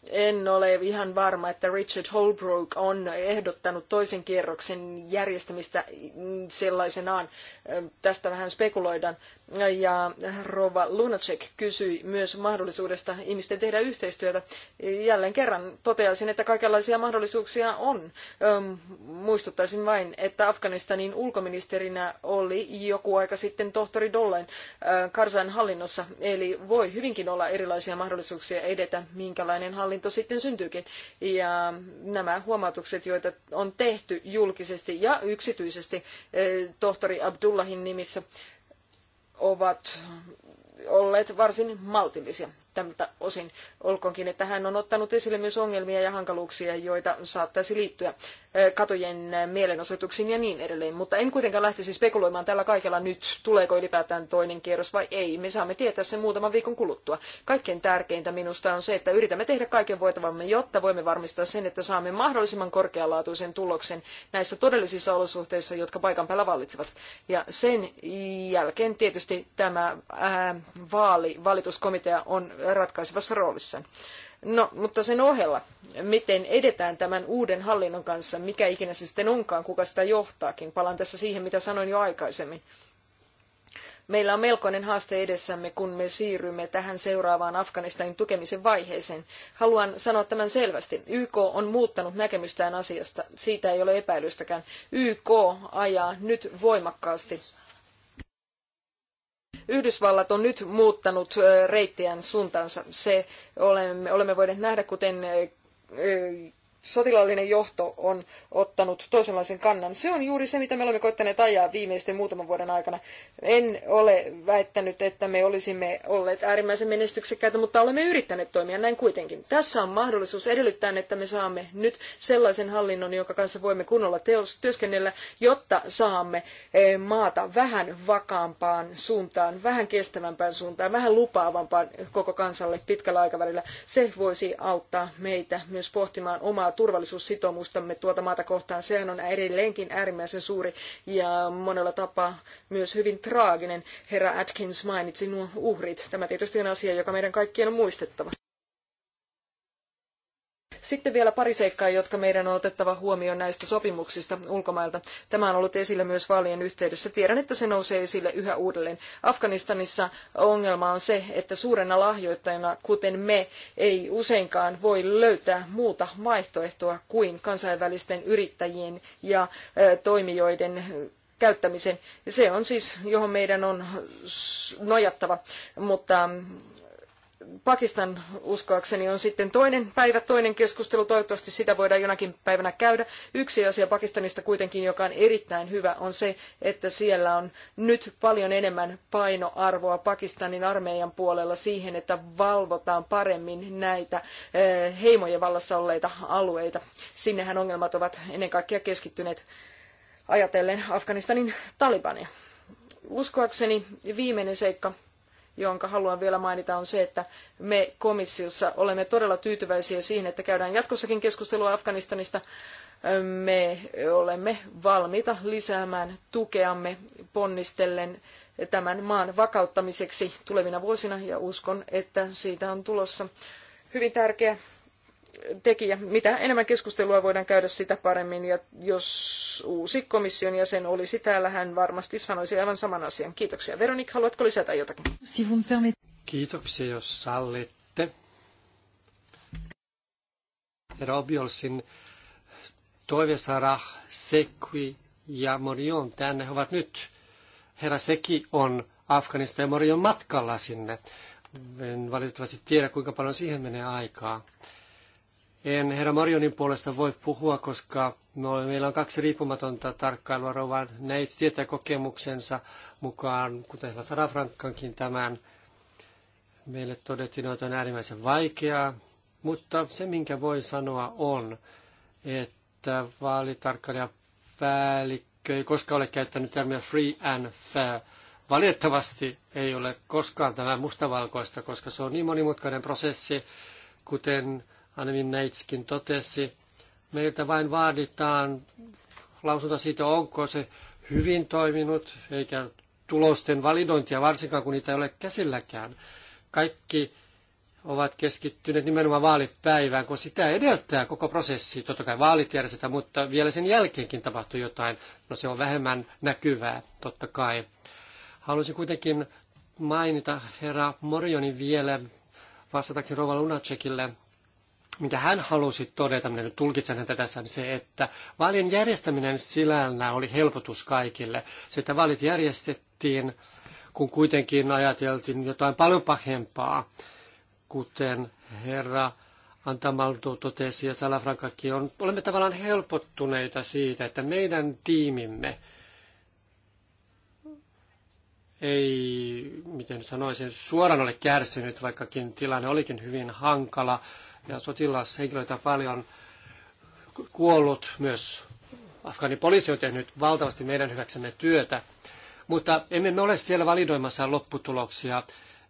en ole ihan varma, että Richard Holbrooke on ehdottanut toisen kierroksen järjestämistä sellaisenaan. Tästä vähän spekuloidaan. Ja Rova Lunacek kysyi myös mahdollisuudesta ihmisten tehdä yhteistyötä. Jälleen kerran toteaisin, että kaikenlaisia mahdollisuuksia on. Muistuttaisin vain, että Afganistanin ulkoministerinä oli joku aika sitten tohtori Dollen Karzain hallinnossa. Eli voi hyvinkin olla erilaisia mahdollisuuksia edetä, minkälainen hallinto hallinto sitten syntyykin. Ja nämä huomautukset, joita on tehty julkisesti ja yksityisesti eh, tohtori Abdullahin nimissä, ovat olleet varsin maltillisia tältä osin. Olkoonkin, että hän on ottanut esille myös ongelmia ja hankaluuksia, joita saattaisi liittyä katojen mielenosoituksiin ja niin edelleen. Mutta en kuitenkaan lähtisi spekuloimaan tällä kaikella nyt, tuleeko ylipäätään toinen kierros vai ei. Me saamme tietää sen muutaman viikon kuluttua. Kaikkein tärkeintä minusta on se, että yritämme tehdä kaiken voitavamme, jotta voimme varmistaa sen, että saamme mahdollisimman korkealaatuisen tuloksen näissä todellisissa olosuhteissa, jotka paikan päällä vallitsevat. Ja sen jälkeen tietysti tämä ää, vaali, valituskomitea on ratkaisevassa roolissa. No, mutta sen ohella, miten edetään tämän uuden hallinnon kanssa, mikä ikinä se sitten onkaan, kuka sitä johtaakin. Palaan tässä siihen, mitä sanoin jo aikaisemmin. Meillä on melkoinen haaste edessämme, kun me siirrymme tähän seuraavaan Afganistanin tukemisen vaiheeseen. Haluan sanoa tämän selvästi. YK on muuttanut näkemystään asiasta. Siitä ei ole epäilystäkään. YK ajaa nyt voimakkaasti Yhdysvallat on nyt muuttanut reittiään suuntaansa. Se olemme, olemme voineet nähdä, kuten sotilaallinen johto on ottanut toisenlaisen kannan. Se on juuri se, mitä me olemme koittaneet ajaa viimeisten muutaman vuoden aikana. En ole väittänyt, että me olisimme olleet äärimmäisen menestyksekkäitä, mutta olemme yrittäneet toimia näin kuitenkin. Tässä on mahdollisuus edellyttää, että me saamme nyt sellaisen hallinnon, jonka kanssa voimme kunnolla teos, työskennellä, jotta saamme eh, maata vähän vakaampaan suuntaan, vähän kestävämpään suuntaan, vähän lupaavampaan koko kansalle pitkällä aikavälillä. Se voisi auttaa meitä myös pohtimaan omaa osoittaa turvallisuussitoumustamme tuota maata kohtaan. Sehän on edelleenkin äärimmäisen suuri ja monella tapaa myös hyvin traaginen. Herra Atkins mainitsi nuo uhrit. Tämä tietysti on asia, joka meidän kaikkien on muistettava. Sitten vielä pari seikkaa, jotka meidän on otettava huomioon näistä sopimuksista ulkomailta. Tämä on ollut esillä myös vaalien yhteydessä. Tiedän, että se nousee esille yhä uudelleen. Afganistanissa ongelma on se, että suurena lahjoittajana, kuten me, ei useinkaan voi löytää muuta vaihtoehtoa kuin kansainvälisten yrittäjien ja toimijoiden käyttämisen. Se on siis, johon meidän on nojattava, mutta Pakistan uskoakseni on sitten toinen päivä, toinen keskustelu. Toivottavasti sitä voidaan jonakin päivänä käydä. Yksi asia Pakistanista kuitenkin, joka on erittäin hyvä, on se, että siellä on nyt paljon enemmän painoarvoa Pakistanin armeijan puolella siihen, että valvotaan paremmin näitä eh, heimojen vallassa olleita alueita. Sinnehän ongelmat ovat ennen kaikkea keskittyneet ajatellen Afganistanin talibaneja. Uskoakseni viimeinen seikka jonka haluan vielä mainita, on se, että me komissiossa olemme todella tyytyväisiä siihen, että käydään jatkossakin keskustelua Afganistanista. Me olemme valmiita lisäämään tukeamme ponnistellen tämän maan vakauttamiseksi tulevina vuosina ja uskon, että siitä on tulossa hyvin tärkeä tekijä. Mitä enemmän keskustelua voidaan käydä, sitä paremmin. Ja jos uusi komission jäsen olisi täällä, hän varmasti sanoisi aivan saman asian. Kiitoksia. Veronik, haluatko lisätä jotakin? Kiitoksia, jos sallitte. Herra Obiolsin toive saada Sekui ja Morion tänne He ovat nyt. Herra Seki on Afganistan ja Morion matkalla sinne. En valitettavasti tiedä, kuinka paljon siihen menee aikaa. En herra Marionin puolesta voi puhua, koska meillä on kaksi riippumatonta tarkkailua. Rouva Neits tietää kokemuksensa mukaan, kuten Sarafrankkankin tämän. Meille todettiin, että on äärimmäisen vaikeaa, mutta se, minkä voi sanoa, on, että vaalitarkkailijapäällikkö ei koskaan ole käyttänyt termiä free and fair. Valitettavasti ei ole koskaan tämä mustavalkoista, koska se on niin monimutkainen prosessi, kuten Anemin Neitskin totesi, meiltä vain vaaditaan lausunta siitä, onko se hyvin toiminut, eikä tulosten validointia, varsinkaan kun niitä ei ole käsilläkään. Kaikki ovat keskittyneet nimenomaan vaalipäivään, kun sitä edeltää koko prosessi. Totta kai vaalit järjestetään, mutta vielä sen jälkeenkin tapahtui jotain. No se on vähemmän näkyvää, totta kai. Haluaisin kuitenkin mainita herra Morionin vielä vastatakseni Rova Lunacekille mitä hän halusi todeta, minä nyt tulkitsen häntä tässä, se, että vaalien järjestäminen sillä oli helpotus kaikille. Se, että vaalit järjestettiin, kun kuitenkin ajateltiin jotain paljon pahempaa, kuten herra Antamalto totesi ja Salafrankakin on, olemme tavallaan helpottuneita siitä, että meidän tiimimme ei, miten sanoisin, suoraan ole kärsinyt, vaikkakin tilanne olikin hyvin hankala ja sotilashenkilöitä paljon kuollut. Myös Afganin poliisi on tehnyt valtavasti meidän hyväksemme työtä. Mutta emme me ole siellä validoimassa lopputuloksia.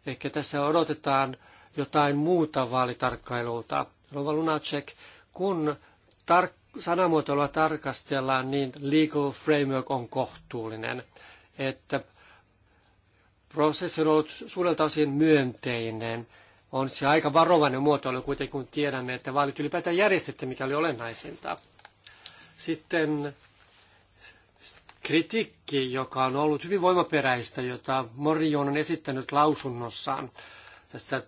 Ehkä tässä odotetaan jotain muuta vaalitarkkailulta. Rova Lunacek, kun tar- sanamuotoilua tarkastellaan, niin legal framework on kohtuullinen. Että prosessi on ollut suurelta osin myönteinen on se aika varovainen muotoilu kuitenkin, kun tiedämme, että vaalit ylipäätään järjestettiin, mikä oli olennaisinta. Sitten kritiikki, joka on ollut hyvin voimaperäistä, jota Morion on esittänyt lausunnossaan tässä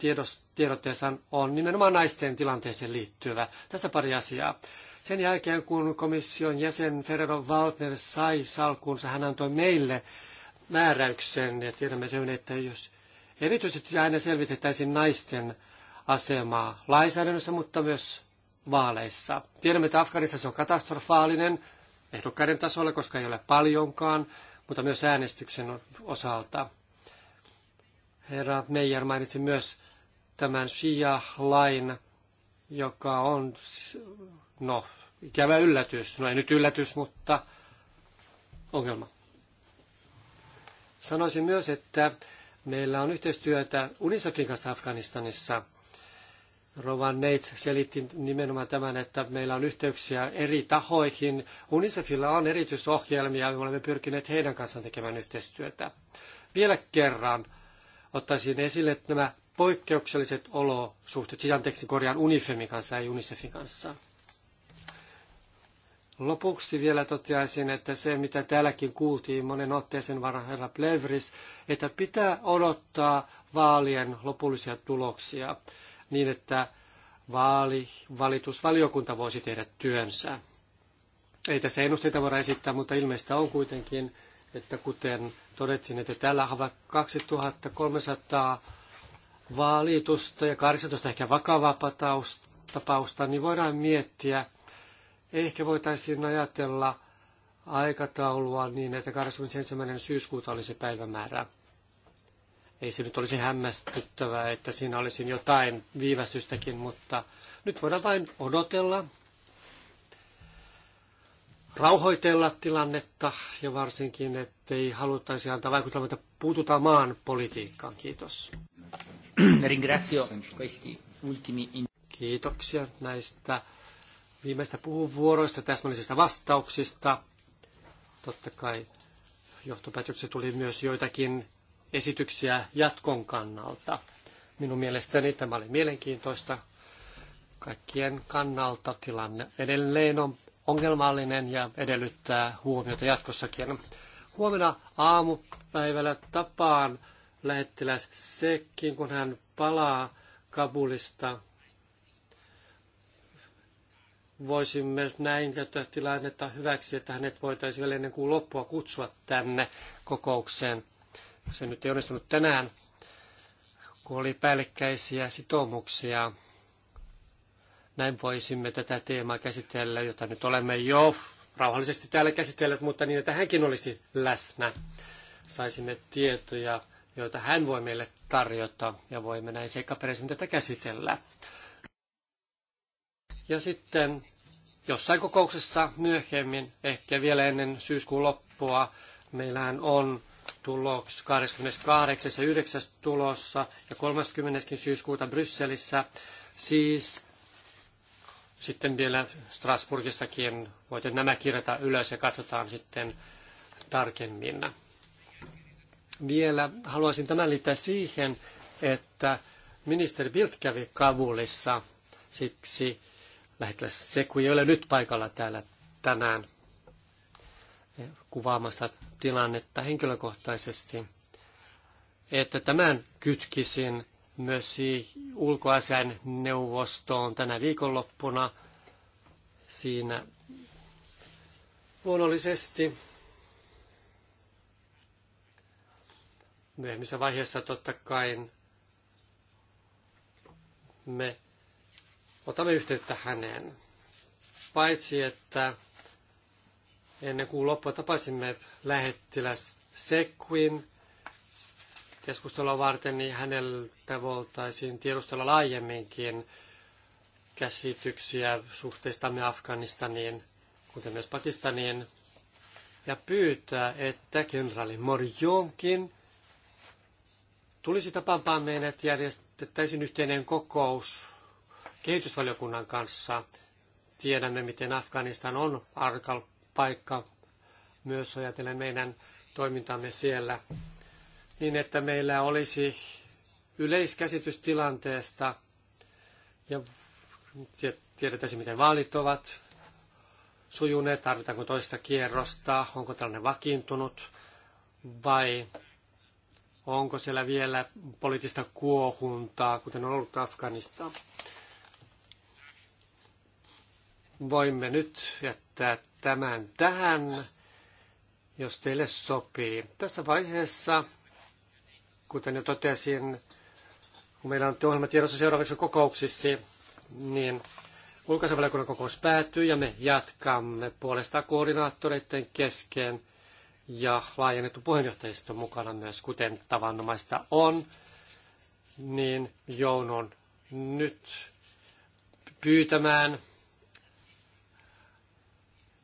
tiedotteessa on nimenomaan naisten tilanteeseen liittyvä. Tästä pari asiaa. Sen jälkeen, kun komission jäsen Ferrero Waldner sai salkuunsa, hän antoi meille määräyksen, ja tiedämme sen, että jos Erityisesti aina selvitettäisiin naisten asemaa lainsäädännössä, mutta myös vaaleissa. Tiedämme, että Afganistassa on katastrofaalinen ehdokkaiden tasolla, koska ei ole paljonkaan, mutta myös äänestyksen osalta. Herra Meijer mainitsi myös tämän Shia-lain, joka on, no, ikävä yllätys. No ei nyt yllätys, mutta ongelma. Sanoisin myös, että Meillä on yhteistyötä Unisakin kanssa Afganistanissa. Rovan Neits selitti nimenomaan tämän, että meillä on yhteyksiä eri tahoihin. Unicefilla on erityisohjelmia ja me olemme pyrkineet heidän kanssaan tekemään yhteistyötä. Vielä kerran ottaisin esille nämä poikkeukselliset olosuhteet, siis anteeksi korjaan Unifemin kanssa, ei Unicefin kanssa. Lopuksi vielä toteaisin, että se mitä täälläkin kuultiin monen otteeseen varhailla Plevris, että pitää odottaa vaalien lopullisia tuloksia niin, että vaalivalitusvaliokunta voisi tehdä työnsä. Ei tässä ennusteita voida esittää, mutta ilmeistä on kuitenkin, että kuten todettiin, että täällä on 2300 vaalitusta ja 18 ehkä vakavaa tapausta, niin voidaan miettiä, Ehkä voitaisiin ajatella aikataulua niin, että 21. syyskuuta se päivämäärä. Ei se nyt olisi hämmästyttävää, että siinä olisi jotain viivästystäkin, mutta nyt voidaan vain odotella, rauhoitella tilannetta ja varsinkin, ettei haluttaisi antaa vaikuttaa että puututaan maan politiikkaan. Kiitos. Ringrazio questi ultimi Kiitoksia näistä viimeistä puhuvuoroista, täsmällisistä vastauksista. Totta kai johtopäätöksessä tuli myös joitakin esityksiä jatkon kannalta. Minun mielestäni tämä oli mielenkiintoista. Kaikkien kannalta tilanne edelleen on ongelmallinen ja edellyttää huomiota jatkossakin. Huomenna aamupäivällä tapaan lähettiläs Sekkin, kun hän palaa Kabulista voisimme näin käyttää tilannetta hyväksi, että hänet voitaisiin vielä ennen kuin loppua kutsua tänne kokoukseen. Se nyt ei onnistunut tänään, kun oli päällekkäisiä sitoumuksia. Näin voisimme tätä teemaa käsitellä, jota nyt olemme jo rauhallisesti täällä käsitelleet, mutta niin, että hänkin olisi läsnä. Saisimme tietoja, joita hän voi meille tarjota ja voimme näin seikkaperäisemmin tätä käsitellä. Ja sitten jossain kokouksessa myöhemmin, ehkä vielä ennen syyskuun loppua, meillähän on tulos 28. ja 9. tulossa ja 30. syyskuuta Brysselissä. Siis sitten vielä Strasburgissakin voitte nämä kirjata ylös ja katsotaan sitten tarkemmin. Vielä haluaisin tämän liittää siihen, että ministeri Bildt kävi Kabulissa, siksi lähettiläs Seku ei ole nyt paikalla täällä tänään kuvaamassa tilannetta henkilökohtaisesti, että tämän kytkisin myös ulkoasian neuvostoon tänä viikonloppuna. Siinä luonnollisesti myöhemmissä vaiheessa totta kai me otamme yhteyttä häneen. Paitsi, että ennen kuin loppua tapasimme lähettiläs Sekwin keskustelua varten, niin häneltä voitaisiin tiedustella laajemminkin käsityksiä suhteistamme Afganistaniin, kuten myös Pakistaniin, ja pyytää, että kenraali Morjonkin tulisi tapaamaan meidät, järjestettäisiin yhteinen kokous kehitysvaliokunnan kanssa. Tiedämme, miten Afganistan on arkal paikka myös ajatellen meidän toimintamme siellä, niin että meillä olisi yleiskäsitys tilanteesta ja tiedetäisiin, miten vaalit ovat sujuneet, tarvitaanko toista kierrosta, onko tällainen vakiintunut vai onko siellä vielä poliittista kuohuntaa, kuten on ollut Afganistan voimme nyt jättää tämän tähän, jos teille sopii. Tässä vaiheessa, kuten jo totesin, kun meillä on ohjelma tiedossa seuraavaksi kokouksissa, niin ulkoasevaliokunnan kokous päättyy ja me jatkamme puolesta koordinaattoreiden kesken ja laajennettu puheenjohtajisto mukana myös, kuten tavannomaista on, niin joudun nyt pyytämään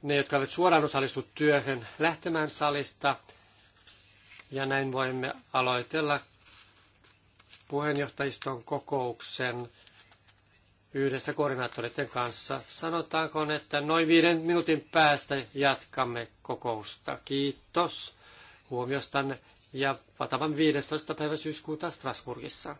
ne, jotka eivät suoraan osallistu työhön, lähtemään salista. Ja näin voimme aloitella puheenjohtajiston kokouksen yhdessä koordinaattoreiden kanssa. Sanotaanko, että noin viiden minuutin päästä jatkamme kokousta. Kiitos huomiostanne ja vatavan 15. päivä syyskuuta Strasbourgissa.